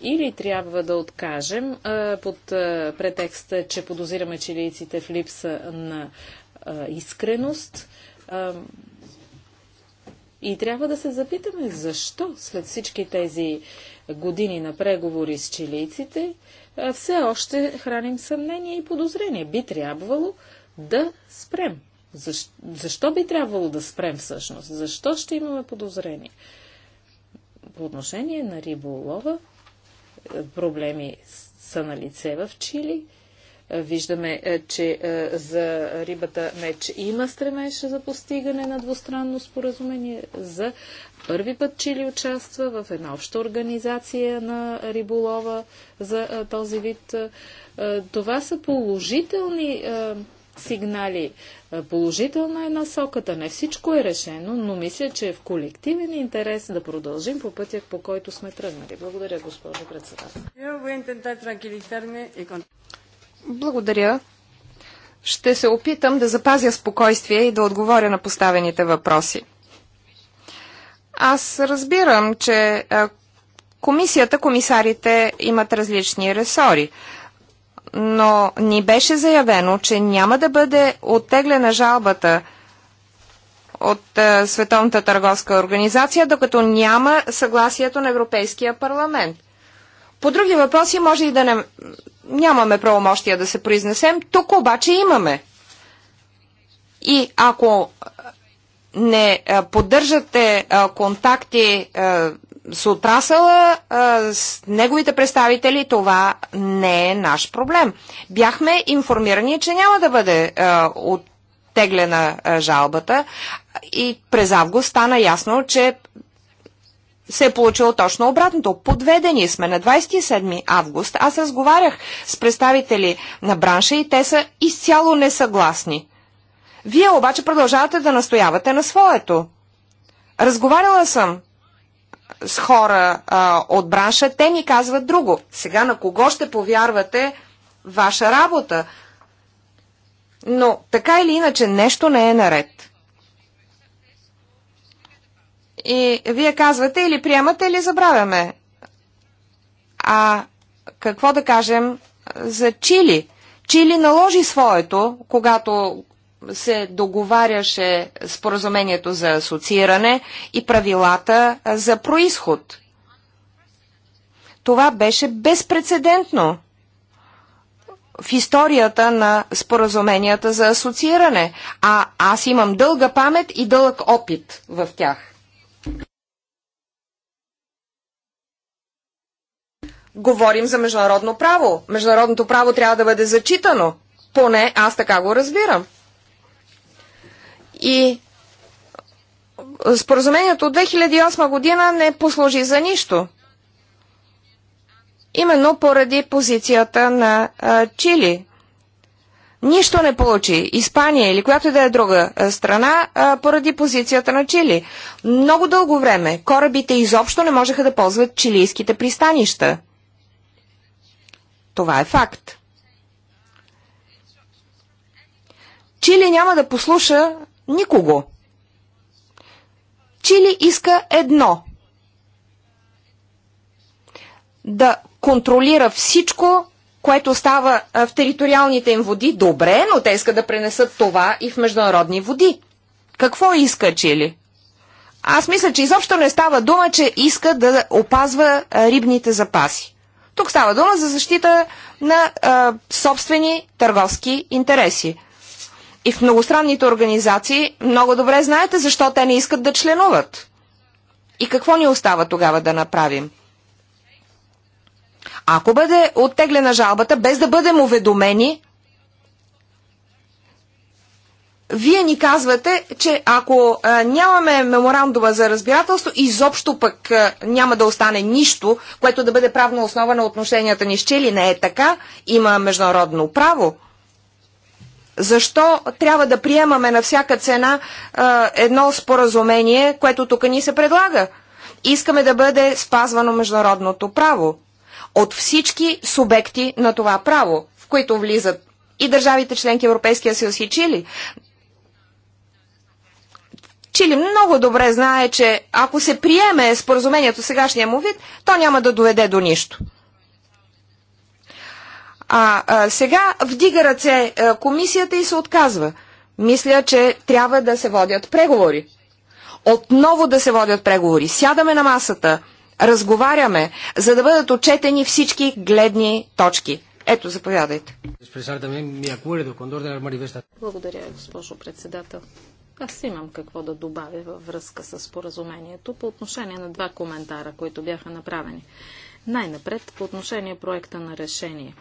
[SPEAKER 3] Или трябва да откажем е, под претекста, че подозираме чилийците в липса на искреност, и трябва да се запитаме защо след всички тези години на преговори с чилийците, все още храним съмнение и подозрение. Би трябвало да спрем. Защо, защо би трябвало да спрем всъщност? Защо ще имаме подозрение? По отношение на риболова, е, проблеми са на лице в Чили. Виждаме, е, че е, за рибата меч има стремеж за постигане на двустранно споразумение. За първи път Чили участва в една обща организация на риболова за е, този вид. Това са положителни сигнали. Положителна е насоката. Не всичко е решено, но мисля, че е в колективен интерес да продължим по пътя, по който сме тръгнали. Благодаря, госпожо председател.
[SPEAKER 2] Благодаря. Ще се опитам да запазя спокойствие и да отговоря на поставените въпроси. Аз разбирам, че комисията, комисарите имат различни ресори, но ни беше заявено, че няма да бъде оттеглена жалбата от Световната търговска организация, докато няма съгласието на Европейския парламент. По други въпроси може и да не, нямаме правомощия да се произнесем, тук обаче имаме. И ако не поддържате контакти с отрасъла, с неговите представители, това не е наш проблем. Бяхме информирани, че няма да бъде оттеглена жалбата и през август стана ясно, че се е получило точно обратното. Подведени сме на 27 август. Аз разговарях с представители на бранша и те са изцяло несъгласни. Вие обаче продължавате да настоявате на своето. Разговаряла съм с хора а, от бранша, те ни казват друго. Сега на кого ще повярвате ваша работа? Но така или иначе нещо не е наред. И вие казвате или приемате, или забравяме. А какво да кажем за Чили? Чили наложи своето, когато се договаряше споразумението за асоцииране и правилата за происход. Това беше безпредседентно в историята на споразуменията за асоцииране, а аз имам дълга памет и дълъг опит в тях. Говорим за международно право. Международното право трябва да бъде зачитано. Поне аз така го разбирам. И споразумението от 2008 година не послужи за нищо. Именно поради позицията на а, Чили нищо не получи Испания или която и да е друга страна поради позицията на Чили. Много дълго време корабите изобщо не можеха да ползват чилийските пристанища. Това е факт. Чили няма да послуша никого. Чили иска едно да контролира всичко което става в териториалните им води, добре, но те искат да пренесат това и в международни води. Какво иска Чили? Аз мисля, че изобщо не става дума, че иска да опазва рибните запаси. Тук става дума за защита на а, собствени търговски интереси. И в многостранните организации много добре знаете защо те не искат да членуват. И какво ни остава тогава да направим? Ако бъде оттеглена жалбата, без да бъдем уведомени, вие ни казвате, че ако а, нямаме меморандума за разбирателство, изобщо пък а, няма да остане нищо, което да бъде правно основа на отношенията ни с Чили. Не е така. Има международно право. Защо трябва да приемаме на всяка цена а, едно споразумение, което тук ни се предлага? Искаме да бъде спазвано международното право от всички субекти на това право, в които влизат и държавите членки Европейския съюз и Чили. Чили много добре знае, че ако се приеме споразумението сегашния му вид, то няма да доведе до нищо. А, а сега вдига ръце а, е, комисията и се отказва. Мисля, че трябва да се водят преговори. Отново да се водят преговори. Сядаме на масата, разговаряме, за да бъдат отчетени всички гледни точки. Ето, заповядайте.
[SPEAKER 3] Благодаря, госпожо председател. Аз имам какво да добавя във връзка с поразумението по отношение на два коментара, които бяха направени. Най-напред по отношение проекта на решение.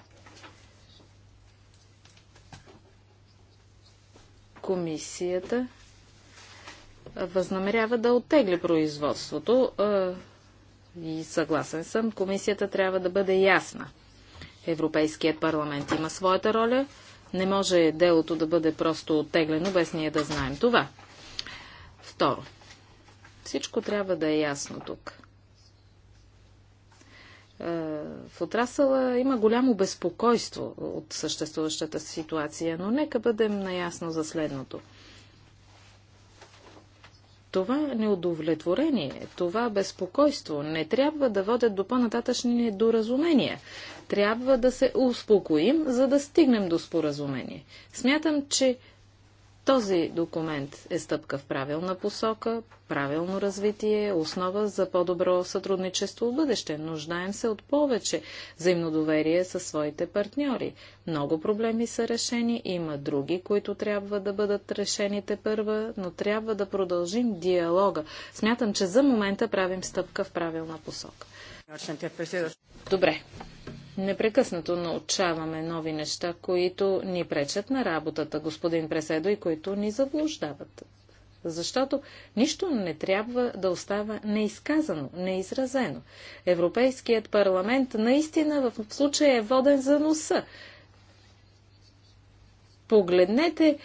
[SPEAKER 3] Комисията възнамерява да оттегли производството и съгласен съм, комисията трябва да бъде ясна. Европейският парламент има своята роля. Не може делото да бъде просто оттеглено, без ние да знаем това. Второ. Всичко трябва да е ясно тук. Е, в отрасъла има голямо безпокойство от съществуващата ситуация, но нека бъдем наясно за следното – това неудовлетворение, това безпокойство не трябва да водят до по-нататъчни недоразумения. Трябва да се успокоим, за да стигнем до споразумение. Смятам, че този документ е стъпка в правилна посока, правилно развитие, основа за по-добро сътрудничество в бъдеще. Нуждаем се от повече взаимно доверие със своите партньори. Много проблеми са решени, има други, които трябва да бъдат решените първа, но трябва да продължим диалога. Смятам, че за момента правим стъпка в правилна посока. Добре. Непрекъснато научаваме нови неща, които ни пречат на работата, господин Преседо, и които ни заблуждават. Защото нищо не трябва да остава неизказано, неизразено. Европейският парламент наистина в случая е воден за носа. Погледнете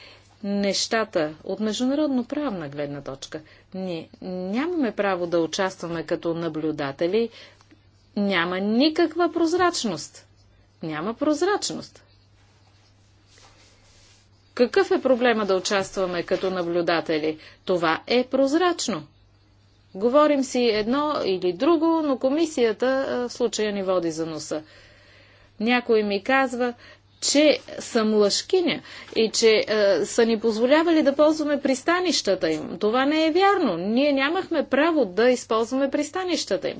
[SPEAKER 3] нещата от международно правна гледна точка. Ние нямаме право да участваме като наблюдатели няма никаква прозрачност. Няма прозрачност. Какъв е проблема да участваме като наблюдатели? Това е прозрачно. Говорим си едно или друго, но комисията в случая ни води за носа. Някой ми казва, че съм лъжкиня и че е, са ни позволявали да ползваме пристанищата им. Това не е вярно. Ние нямахме право да използваме пристанищата им.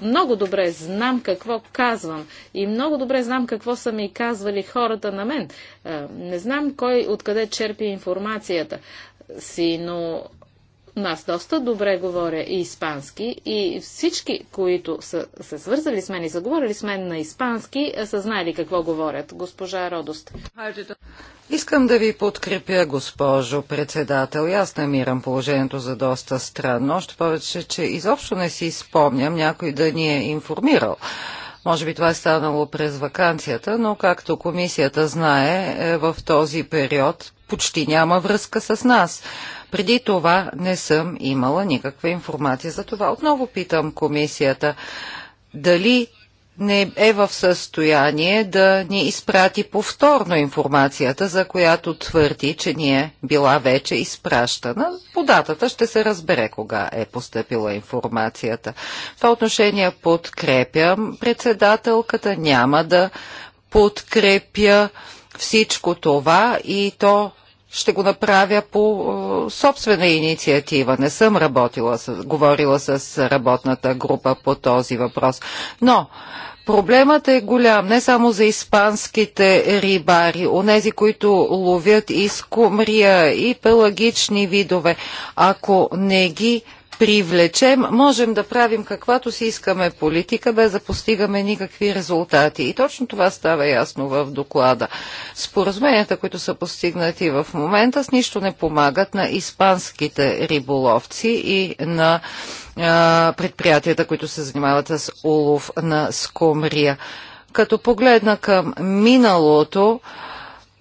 [SPEAKER 3] Много добре знам какво казвам и много добре знам какво са ми казвали хората на мен. Е, не знам кой откъде черпи информацията си, но но аз доста добре говоря и испански и всички, които са се свързали с мен и са говорили с мен на испански, е, са знаели какво говорят. Госпожа Родост.
[SPEAKER 1] Искам да ви подкрепя, госпожо председател. аз намирам положението за доста странно. Още повече, че изобщо не си спомням някой да ни е информирал. Може би това е станало през вакансията, но както комисията знае, е, в този период почти няма връзка с нас. Преди това не съм имала никаква информация за това. Отново питам комисията дали не е в състояние да ни изпрати повторно информацията, за която твърди, че ни е била вече изпращана. По датата ще се разбере кога е поступила информацията. В това отношение подкрепям председателката, няма да подкрепя всичко това и то ще го направя по е, собствена инициатива. Не съм работила с, говорила с работната група по този въпрос. Но Проблемът е голям не само за испанските рибари, онези, които ловят и скумрия, и пелагични видове. Ако не ги привлечем, можем да правим каквато си искаме политика, без да постигаме никакви резултати. И точно това става ясно в доклада. Споразуменията, които са постигнати в момента, с нищо не помагат на испанските риболовци и на а, предприятията, които се занимават с улов на скумрия. Като погледна към миналото,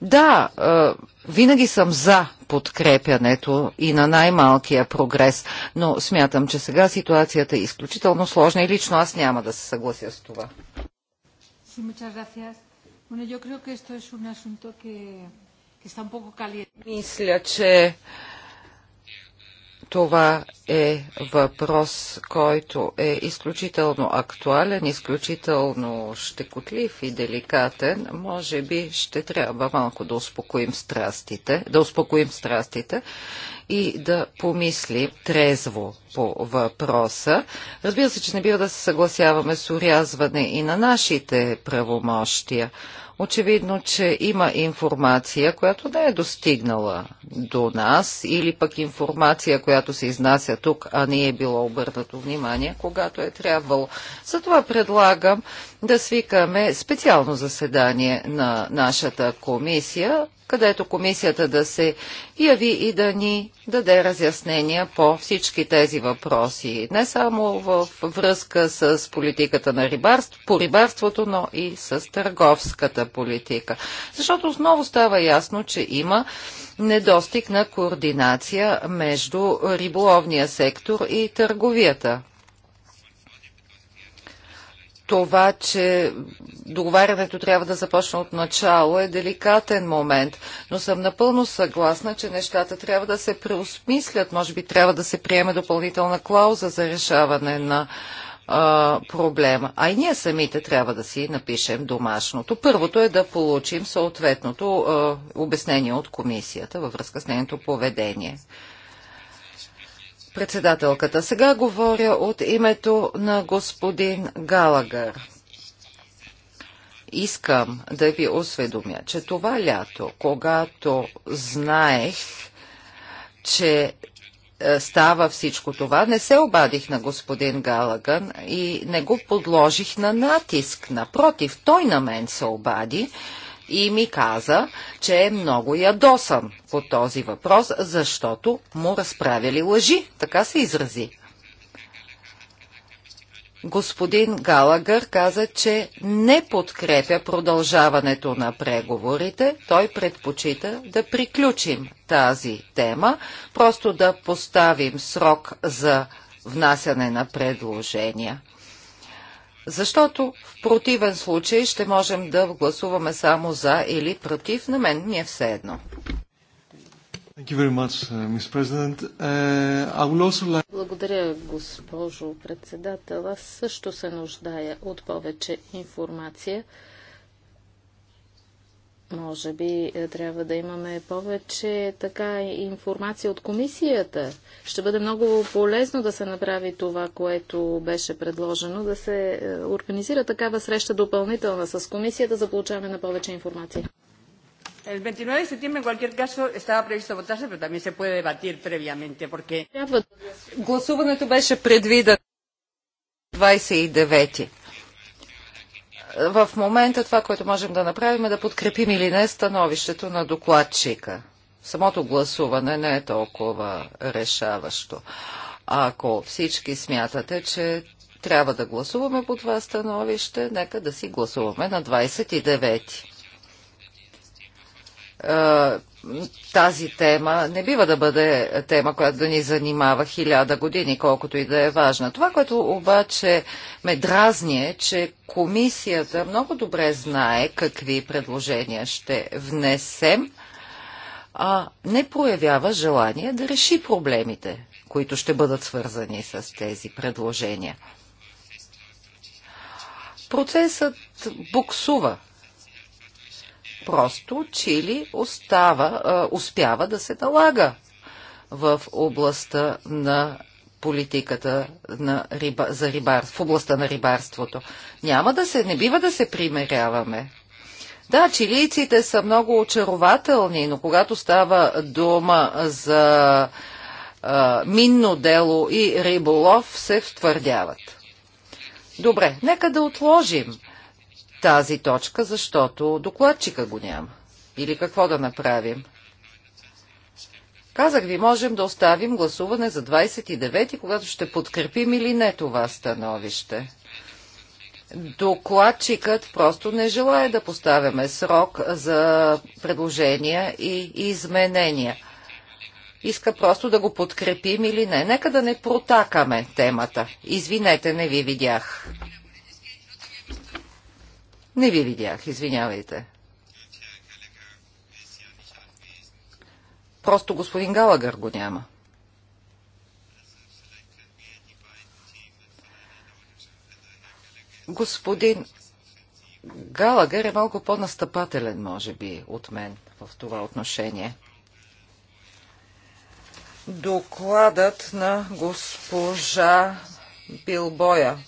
[SPEAKER 1] да, а, винаги съм за подкрепянето и на най-малкия прогрес, но смятам, че сега ситуацията е изключително сложна и лично аз няма да се съглася с това. Мисля, че това е въпрос, който е изключително актуален, изключително щекотлив и деликатен. Може би ще трябва малко да успокоим страстите, да успокоим страстите и да помисли трезво по въпроса. Разбира се, че не бива да се съгласяваме с урязване и на нашите правомощия. Очевидно, че има информация, която не е достигнала до нас или пък информация, която се изнася тук, а не е било обърнато внимание, когато е трябвало. Затова предлагам да свикаме специално заседание на нашата комисия, където комисията да се яви и да ни даде разяснения по всички тези въпроси. Не само в връзка с политиката на рибарство, по рибарството, но и с търговската политика. Защото отново става ясно, че има недостиг на координация между риболовния сектор и търговията това, че договарянето трябва да започне от начало е деликатен момент, но съм напълно съгласна, че нещата трябва да се преосмислят. Може би трябва да се приеме допълнителна клауза за решаване на а, проблема. А и ние самите трябва да си напишем домашното. Първото е да получим съответното а, обяснение от комисията във връзка с нейното поведение. Председателката, сега говоря от името на господин Галагър. Искам да ви осведомя, че това лято, когато знаех, че е, става всичко това, не се обадих на господин Галаган и не го подложих на натиск. Напротив, той на мен се обади и ми каза, че е много ядосан по този въпрос, защото му разправили лъжи. Така се изрази. Господин Галагър каза, че не подкрепя продължаването на преговорите. Той предпочита да приключим тази тема, просто да поставим срок за внасяне на предложения. Защото в противен случай ще можем да гласуваме само за или против. На мен ми е все едно. Uh, uh, Благодаря, госпожо председател. Аз също
[SPEAKER 3] се нуждая от повече информация може би е, трябва да имаме повече така информация от комисията. Ще бъде много полезно да се направи това, което беше предложено, да се е, организира такава среща допълнителна с комисията за получаване на повече информация.
[SPEAKER 2] El 29 de septiembre, en cualquier caso, estaba previsto votarse, pero también se puede debatir
[SPEAKER 1] previamente, porque... Гласуването беше предвидено 29 в момента това, което можем да направим е да подкрепим или не становището на докладчика. Самото гласуване не е толкова решаващо. Ако всички смятате, че трябва да гласуваме по това становище, нека да си гласуваме на 29 тази тема не бива да бъде тема, която да ни занимава хиляда години, колкото и да е важна. Това, което обаче ме дразни е, че комисията много добре знае какви предложения ще внесем, а не проявява желание да реши проблемите, които ще бъдат свързани с тези предложения. Процесът буксува Просто Чили остава, успява да се налага в областта на политиката на риба, за рибар, в областта на рибарството. Няма да се, не бива да се примеряваме. Да, чилийците са много очарователни, но когато става дума за а, минно дело и риболов, се втвърдяват. Добре, нека да отложим тази точка, защото докладчика го няма. Или какво да направим? Казах ви, можем да оставим гласуване за 29, когато ще подкрепим или не това становище. Докладчикът просто не желая да поставяме срок за предложения и изменения. Иска просто да го подкрепим или не. Нека да не протакаме темата. Извинете, не ви видях. Не ви видях, извинявайте. Просто господин Галагър го няма. Господин Галагър е малко по-настъпателен, може би, от мен в това отношение. Докладът на госпожа Билбоя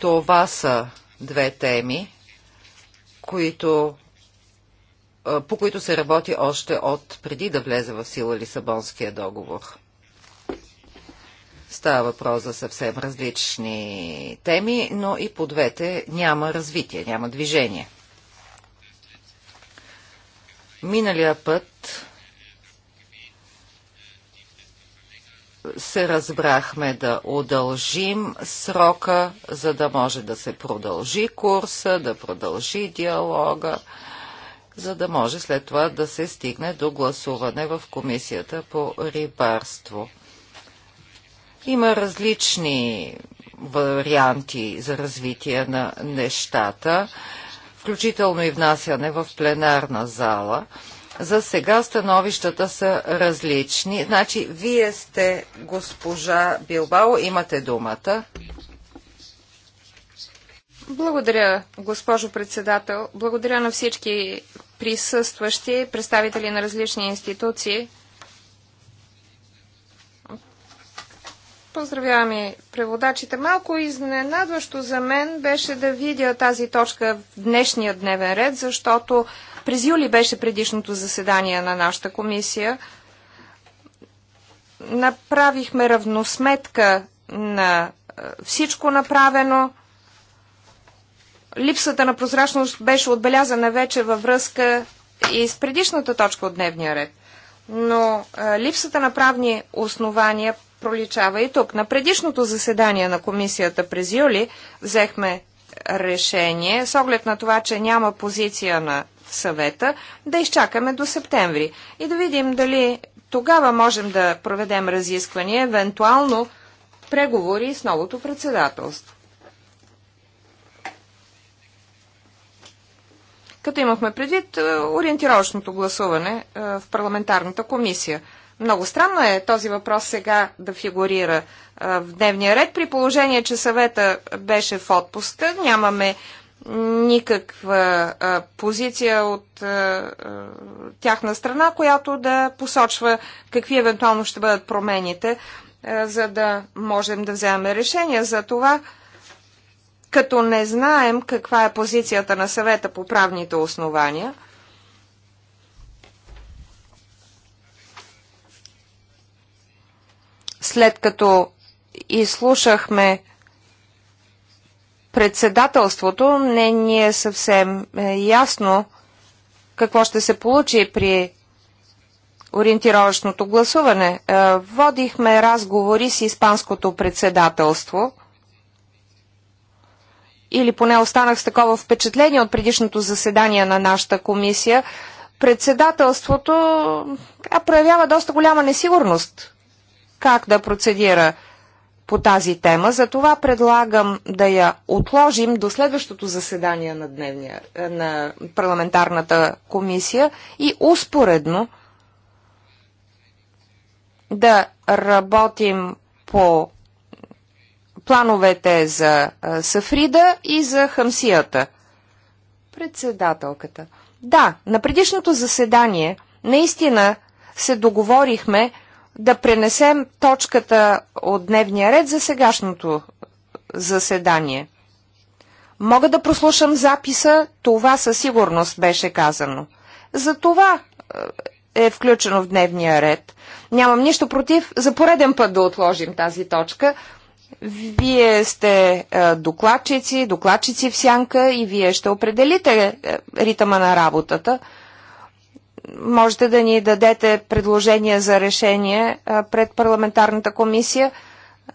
[SPEAKER 1] Това са две теми, които, по които се работи още от преди да влезе в сила Лисабонския договор. Става въпрос за съвсем различни теми, но и по двете няма развитие, няма движение. Миналия път се разбрахме да удължим срока, за да може да се продължи курса, да продължи диалога, за да може след това да се стигне до гласуване в Комисията по рибарство. Има различни варианти за развитие на нещата, включително и внасяне в пленарна зала – за сега становищата са различни. Значи, вие сте госпожа Билбао, имате думата.
[SPEAKER 2] Благодаря, госпожо председател. Благодаря на всички присъстващи, представители на различни институции. Поздравяваме преводачите. Малко изненадващо за мен беше да видя тази точка в днешния дневен ред, защото през юли беше предишното заседание на нашата комисия. Направихме равносметка на е, всичко направено. Липсата на прозрачност беше отбелязана вече във връзка и с предишната точка от дневния ред. Но а, е, липсата на правни основания проличава и тук. На предишното заседание на комисията през юли взехме решение с оглед на това, че няма позиция на съвета, да изчакаме до септември и да видим дали тогава можем да проведем разисквания, евентуално преговори с новото председателство. Като имахме предвид е, ориентировъчното гласуване е, в парламентарната комисия. Много странно е този въпрос сега да фигурира е, в дневния ред, при положение, че съвета беше в отпуска, нямаме никаква а, позиция от а, а, тяхна страна, която да посочва какви евентуално ще бъдат промените, а, за да можем да вземем решение. За това, като не знаем каква е позицията на съвета по правните основания, след като изслушахме председателството не ни е съвсем е, ясно какво ще се получи при ориентировъчното гласуване. Е, водихме разговори с Испанското председателство или поне останах с такова впечатление от предишното заседание на нашата комисия. Председателството проявява доста голяма несигурност как да процедира – по тази тема. Затова предлагам да я отложим до следващото заседание на, дневния, е, на парламентарната комисия и успоредно да работим по плановете за е, Сафрида и за Хамсията. Председателката. Да, на предишното заседание наистина се договорихме да пренесем точката от дневния ред за сегашното заседание. Мога да прослушам записа, това със сигурност беше казано. За това е, е включено в дневния ред. Нямам нищо против за пореден път да отложим тази точка. Вие сте е, докладчици, докладчици в сянка и вие ще определите е, ритъма на работата можете да ни дадете предложения за решение пред парламентарната комисия.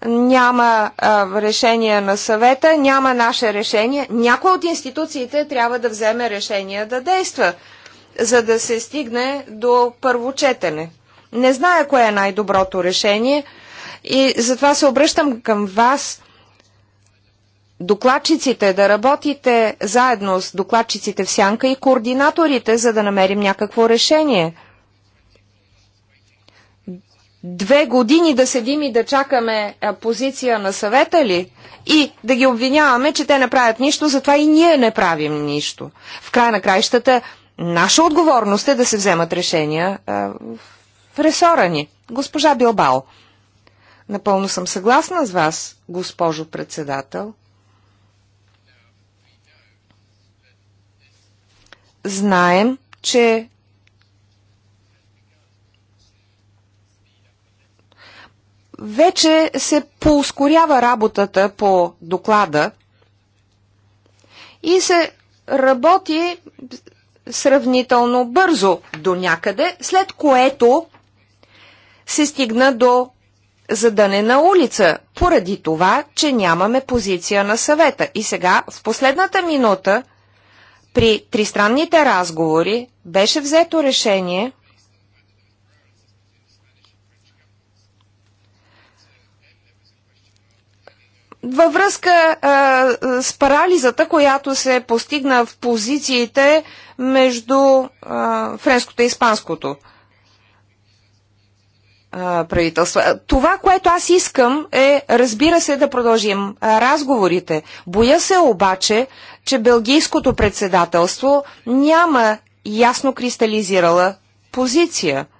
[SPEAKER 2] Няма решение на съвета, няма наше решение. Някоя от институциите трябва да вземе решение да действа, за да се стигне до първо четене. Не зная кое е най-доброто решение и затова се обръщам към вас – докладчиците, да работите заедно с докладчиците в сянка и координаторите, за да намерим някакво решение. Две години да седим и да чакаме позиция на съвета ли и да ги обвиняваме, че те не правят нищо, затова и ние не правим нищо. В края на краищата наша отговорност е да се вземат решения в ресора ни. Госпожа Билбао. Напълно съм съгласна с вас, госпожо председател. знаем, че вече се поускорява работата по доклада и се работи сравнително бързо до някъде, след което се стигна до задънена улица, поради това, че нямаме позиция на съвета. И сега, в последната минута, при тристранните разговори беше взето решение във връзка а, с парализата, която се постигна в позициите между а, френското и испанското правителства. Това, което аз искам е, разбира се, да продължим а, разговорите. Боя се обаче, че Белгийското председателство няма ясно кристализирала позиция –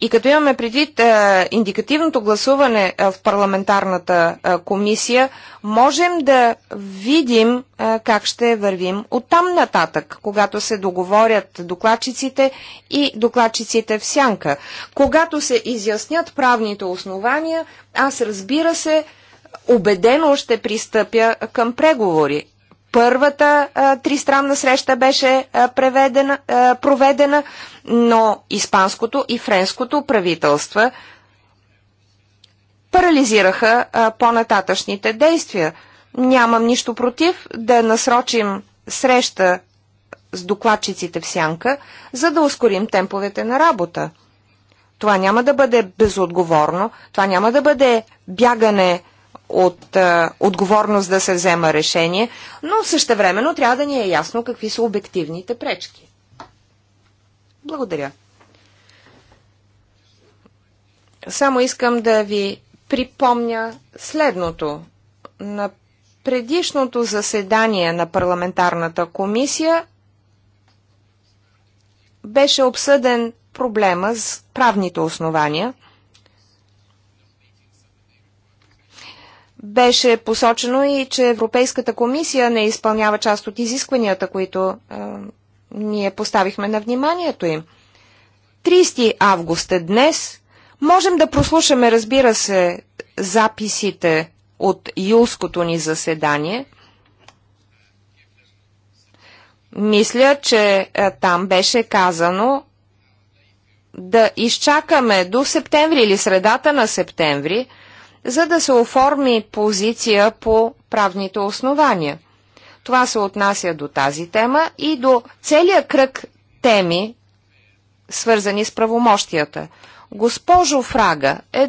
[SPEAKER 2] и като имаме предвид е, индикативното гласуване е, в парламентарната е, комисия, можем да видим как ще вървим от там нататък, когато се договорят докладчиците и докладчиците в сянка. Когато се изяснят правните основания, аз разбира се, убедено ще пристъпя към преговори. Първата а, тристранна среща беше а, преведена, а, проведена но испанското и френското правителства парализираха по-нататъчните действия. Нямам нищо против да насрочим среща с докладчиците в сянка, за да ускорим темповете на работа. Това няма да бъде безотговорно, това няма да бъде бягане от а, отговорност да се взема решение, но същевременно трябва да ни е ясно какви са обективните пречки. Благодаря. Само искам да ви припомня следното. На предишното заседание на парламентарната комисия беше обсъден проблема с правните основания. Беше посочено и, че Европейската комисия не изпълнява част от изискванията, които ние поставихме на вниманието им. 30 август е днес. Можем да прослушаме, разбира се, записите от юлското ни заседание. Мисля, че е, там беше казано да изчакаме до септември или средата на септември, за да се оформи позиция по правните основания – това се отнася до тази тема и до целия кръг теми, свързани с правомощията. Госпожо Фрага, е, е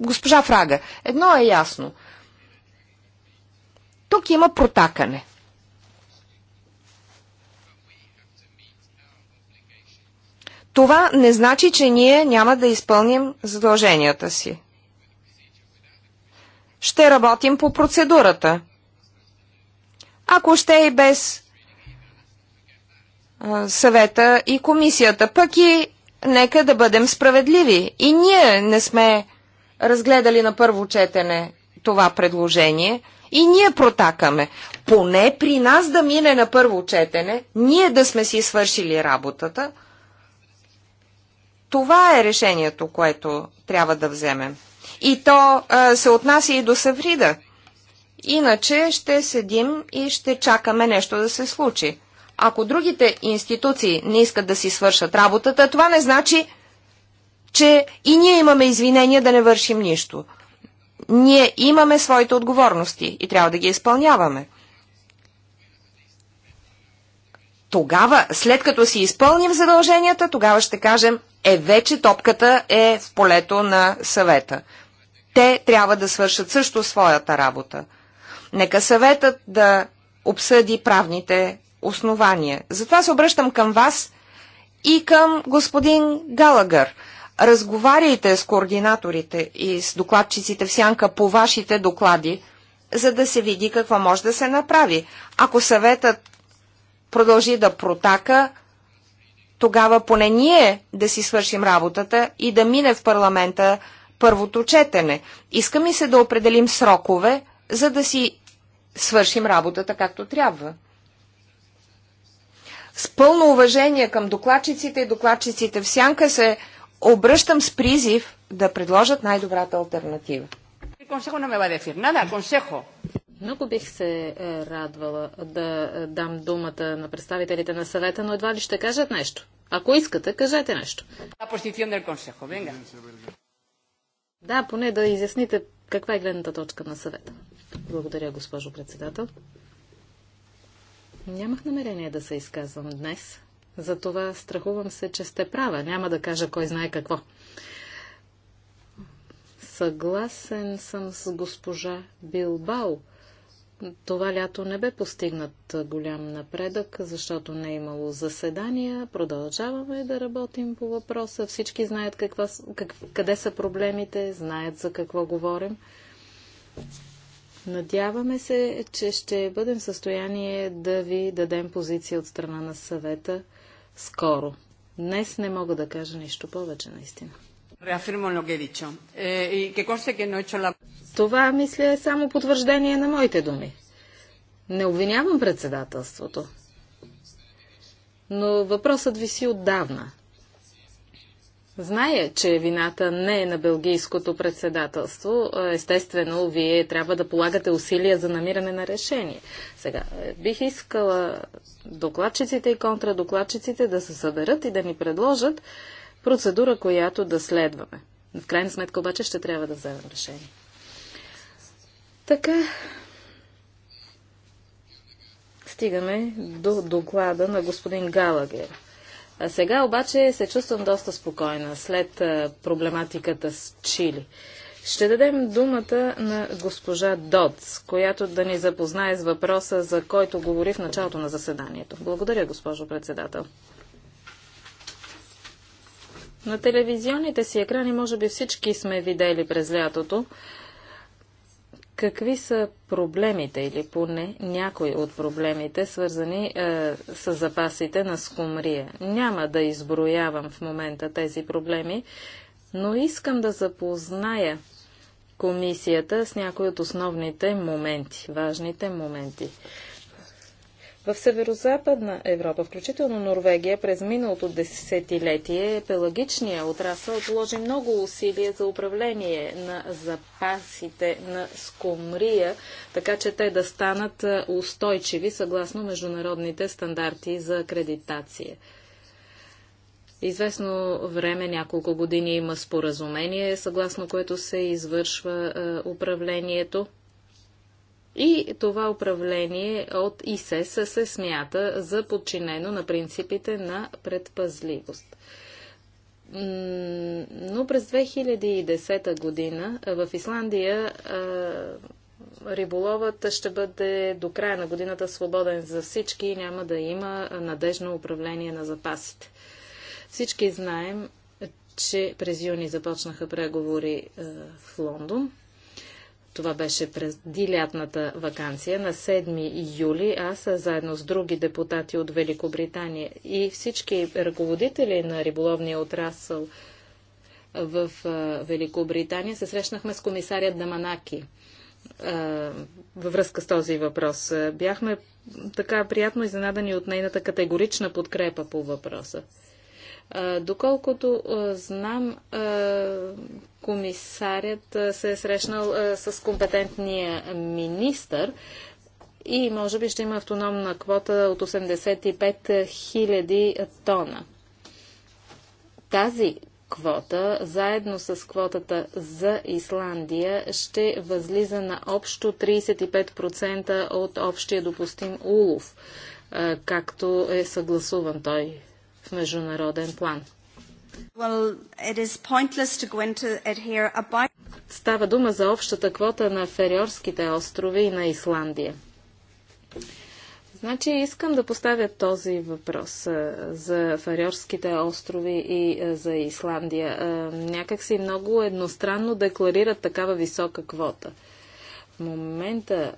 [SPEAKER 2] госпожа Фрага, едно е ясно. Тук има протакане. Това не значи, че ние няма да изпълним задълженията си. Ще работим по процедурата – ако ще и е без съвета и комисията. Пък и нека да бъдем справедливи. И ние не сме разгледали на първо четене това предложение и ние протакаме. Поне при нас да мине на първо четене, ние да сме си свършили работата. Това е решението, което трябва да вземем. И то а, се отнася и до Саврида. Иначе ще седим и ще чакаме нещо да се случи. Ако другите институции не искат да си свършат работата, това не значи, че и ние имаме извинения да не вършим нищо. Ние имаме своите отговорности и трябва да ги изпълняваме. Тогава, след като си изпълним задълженията, тогава ще кажем, е вече топката е в полето на съвета. Те трябва да свършат също своята работа. Нека съветът да обсъди правните основания. Затова се обръщам към вас и към господин Галагър. Разговаряйте с координаторите и с докладчиците в сянка по вашите доклади, за да се види какво може да се направи. Ако съветът продължи да протака, тогава поне ние да си свършим работата и да мине в парламента първото четене. Иска ми се да определим срокове, за да си свършим работата както трябва. С пълно уважение към докладчиците и докладчиците в сянка се обръщам с призив да предложат най-добрата альтернатива.
[SPEAKER 3] Много бих се е, радвала да е, дам думата на представителите на съвета, но едва ли ще кажат нещо. Ако искате, кажете нещо. Да, поне да изясните каква е гледната точка на съвета. Благодаря, госпожо председател. Нямах намерение да се изказвам днес. Затова страхувам се, че сте права. Няма да кажа кой знае какво. Съгласен съм с госпожа Билбао. Това лято не бе постигнат голям напредък, защото не е имало заседания. Продължаваме да работим по въпроса. Всички знаят каква, как, къде са проблемите, знаят за какво говорим. Надяваме се, че ще бъдем в състояние да ви дадем позиция от страна на съвета скоро. Днес не мога да кажа нищо повече, наистина.
[SPEAKER 1] Eh,
[SPEAKER 3] Това, мисля, е само потвърждение на моите думи. Не обвинявам председателството. Но въпросът виси отдавна. Зная, че вината не е на белгийското председателство. Естествено, вие трябва да полагате усилия за намиране на решение. Сега, е, бих искала докладчиците и контрадокладчиците да се съберат и да ни предложат процедура, която да следваме. В крайна сметка обаче ще трябва да вземем решение. Така, стигаме до доклада на господин Галагер а сега обаче се чувствам доста спокойна след проблематиката с Чили. Ще дадем думата на госпожа Доц, която да ни запознае с въпроса, за който говори в началото на заседанието. Благодаря, госпожо председател. На телевизионните си екрани може би всички сме видели през лятото Какви са проблемите или поне някои от проблемите, свързани е, с запасите на скумрия? Няма да изброявам в момента тези проблеми, но искам да запозная комисията с някои от основните моменти, важните моменти. В северо-западна Европа, включително Норвегия, през миналото десетилетие е пелагичния отрасъл положи много усилия за управление на запасите на скумрия, така че те да станат устойчиви съгласно международните стандарти за акредитация. Известно време, няколко години има споразумение, съгласно което се извършва управлението и това управление от ИСЕС се смята за подчинено на принципите на предпазливост. Но през 2010 година в Исландия риболовът ще бъде до края на годината свободен за всички и няма да има надежно управление на запасите. Всички знаем, че през юни започнаха преговори в Лондон това беше преди лятната вакансия на 7 юли. Аз заедно с други депутати от Великобритания и всички ръководители на риболовния отрасъл в Великобритания се срещнахме с комисарят Даманаки във връзка с този въпрос. Бяхме така приятно изненадани от нейната категорична подкрепа по въпроса. Доколкото знам, комисарят се е срещнал с компетентния министър и може би ще има автономна квота от 85 000 тона. Тази квота, заедно с квотата за Исландия, ще възлиза на общо 35% от общия допустим улов, както е съгласуван той в международен план. Става дума за общата квота на Фериорските острови и на Исландия. Значи искам да поставя този въпрос за Фариорските острови и за Исландия. Някак си много едностранно декларират такава висока квота. В момента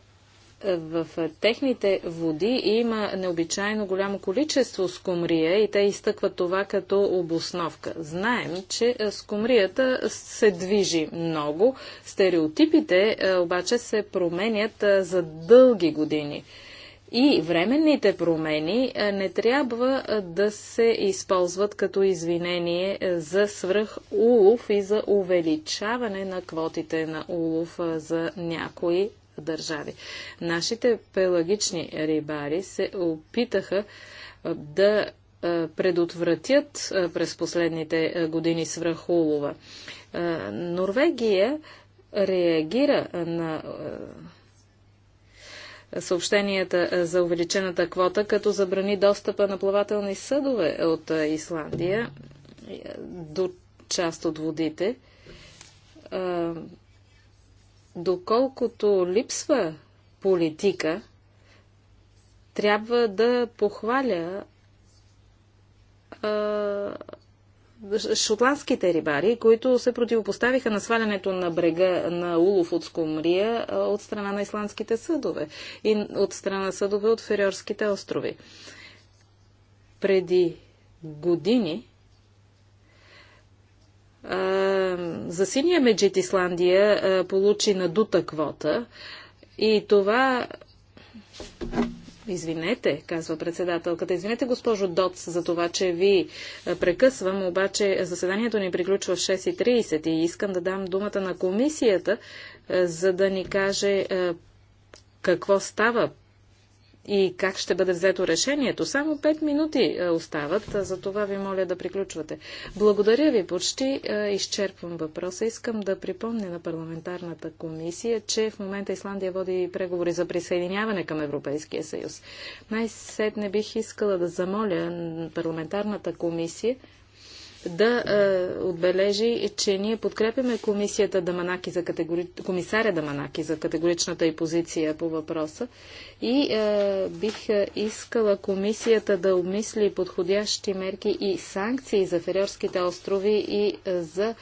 [SPEAKER 3] в техните води има необичайно голямо количество скумрия и те изтъкват това като обосновка. Знаем, че е, скумрията се движи много, стереотипите е, обаче се променят е, за дълги години. И временните промени не трябва да се използват като извинение за свръхулов и за увеличаване на квотите на улов за някои държави. Нашите пелагични рибари се опитаха да предотвратят през последните години свръхулова. Норвегия реагира на съобщенията за увеличената квота, като забрани достъпа на плавателни съдове от Исландия до част от водите доколкото липсва политика, трябва да похваля шотландските рибари, които се противопоставиха на свалянето на брега на улов от скумрия от страна на исландските съдове и от страна на съдове от Фериорските острови. Преди години за синия меджит Исландия получи надута квота и това Извинете, казва председателката. Извинете, госпожо Доц, за това, че ви прекъсвам, обаче заседанието ни приключва в 6.30 и искам да дам думата на комисията, за да ни каже какво става и как ще бъде взето решението. Само 5 минути е, остават, за това ви моля да приключвате. Благодаря ви, почти е, изчерпвам въпроса. Искам да припомня на парламентарната комисия, че в момента Исландия води преговори за присъединяване към Европейския съюз. Най-сетне бих искала да замоля парламентарната комисия да е, отбележи, че ние подкрепяме комисията Даманаки за категори... комисаря Даманаки за категоричната и позиция по въпроса и е, бих искала комисията да обмисли подходящи мерки и санкции за Фериорските острови и е, за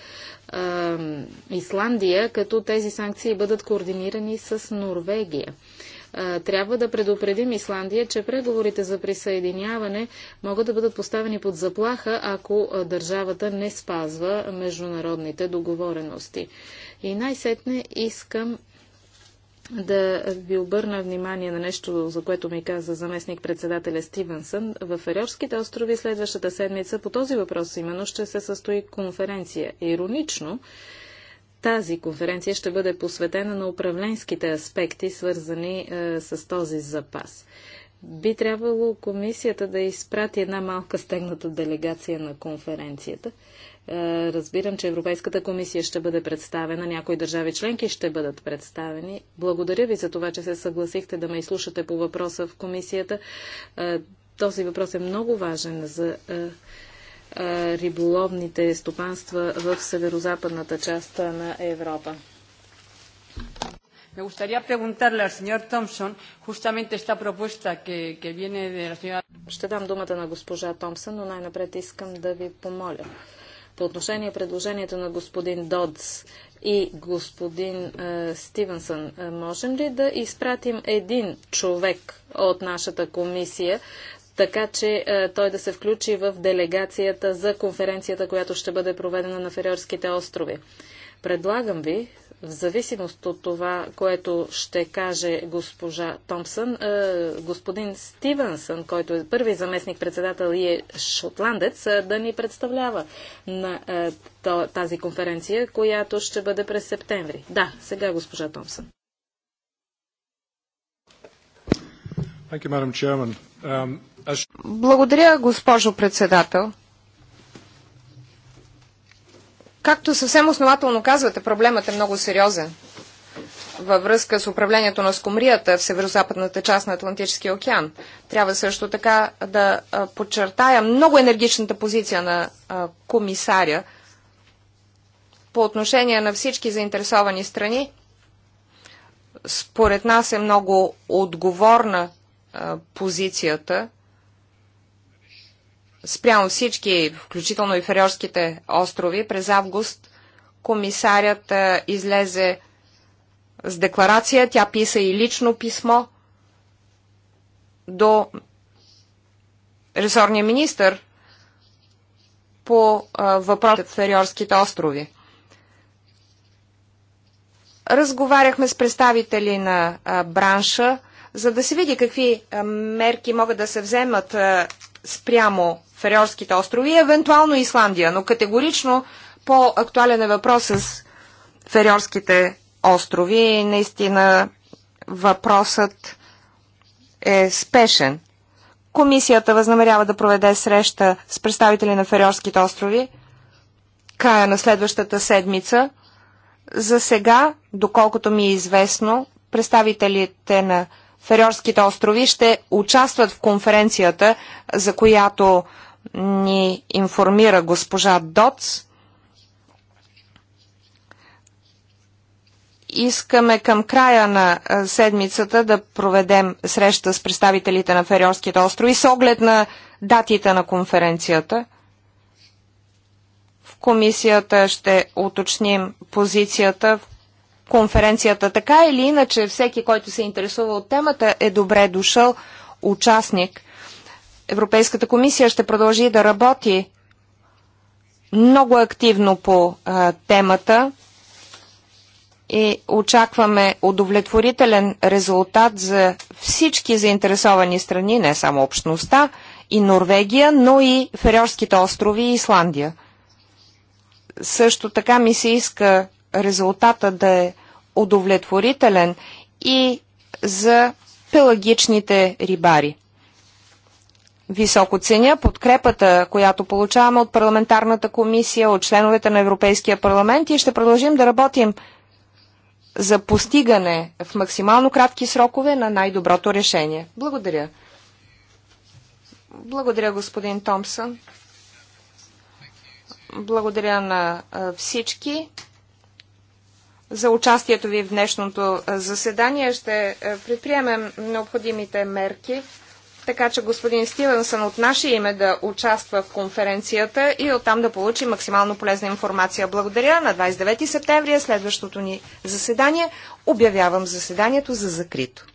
[SPEAKER 3] Исландия, като тези санкции бъдат координирани с Норвегия. Трябва да предупредим Исландия, че преговорите за присъединяване могат да бъдат поставени под заплаха, ако държавата не спазва международните договорености. И най-сетне искам да ви обърна внимание на нещо, за което ми каза заместник председателя Стивенсън. В Ериорските острови следващата седмица по този въпрос именно ще се състои конференция. Иронично, тази конференция ще бъде посветена на управленските аспекти, свързани е, с този запас. Би трябвало комисията да изпрати една малка стегната делегация на конференцията. Е, разбирам, че Европейската комисия ще бъде представена, някои държави членки ще бъдат представени. Благодаря ви за това, че се съгласихте да ме изслушате по въпроса в комисията. Е, този въпрос е много важен за е, риболовните стопанства в северо-западната част на Европа.
[SPEAKER 1] Me gustaría preguntarle al señor Thompson justamente esta propuesta que, que
[SPEAKER 3] viene de la señora... Ще дам думата на госпожа Томпсън, но най-напред искам да ви помоля. По отношение предложението на господин Додс и господин Стивенсън, можем ли да изпратим един човек от нашата комисия така че а, е, той да се включи в делегацията за конференцията, която ще бъде проведена на Фериорските острови. Предлагам ви, в зависимост от това, което ще каже госпожа Томпсън, е, господин Стивенсън, който е първи заместник председател и е шотландец, е, да ни представлява на тази конференция, която ще бъде през септември. Да, сега госпожа Томпсън.
[SPEAKER 1] Thank you, Madam Chairman. Um,
[SPEAKER 2] благодаря, госпожо председател. Както съвсем основателно казвате, проблемът е много сериозен във връзка с управлението на скумрията в северо-западната част на Атлантическия океан. Трябва също така да подчертая много енергичната позиция на комисаря по отношение на всички заинтересовани страни. Според нас е много отговорна позицията спрямо всички, включително и Фариорските острови, през август комисарят излезе с декларация, тя писа и лично писмо до ресорния министр по въпроса в Фериорските острови. Разговаряхме с представители на бранша, за да се види какви мерки могат да се вземат спрямо Фериорските острови и евентуално Исландия, но категорично по-актуален е въпрос с Фериорските острови и наистина въпросът е спешен. Комисията възнамерява да проведе среща с представители на Фериорските острови края на следващата седмица. За сега, доколкото ми е известно, представителите на Фериорските острови ще участват в конференцията, за която ни информира госпожа Доц. Искаме към края на седмицата да проведем среща с представителите на Фериорските острови с оглед на датите на конференцията. В комисията ще уточним позицията в конференцията. Така или иначе, всеки, който се интересува от темата, е добре дошъл участник. Европейската комисия ще продължи да работи много активно по а, темата и очакваме удовлетворителен резултат за всички заинтересовани страни, не само общността и Норвегия, но и Фериорските острови и Исландия. Също така ми се иска резултата да е удовлетворителен и за пелагичните рибари. Високо ценя подкрепата, която получаваме от парламентарната комисия, от членовете на Европейския парламент и ще продължим да работим за постигане в максимално кратки срокове на най-доброто решение. Благодаря. Благодаря, господин Томпсън. Благодаря на всички за участието ви в днешното заседание. Ще предприемем необходимите мерки, така че господин Стивенсън от наше име да участва в конференцията и оттам да получи максимално полезна информация. Благодаря. На 29 септември е следващото ни заседание. Обявявам заседанието за закрито.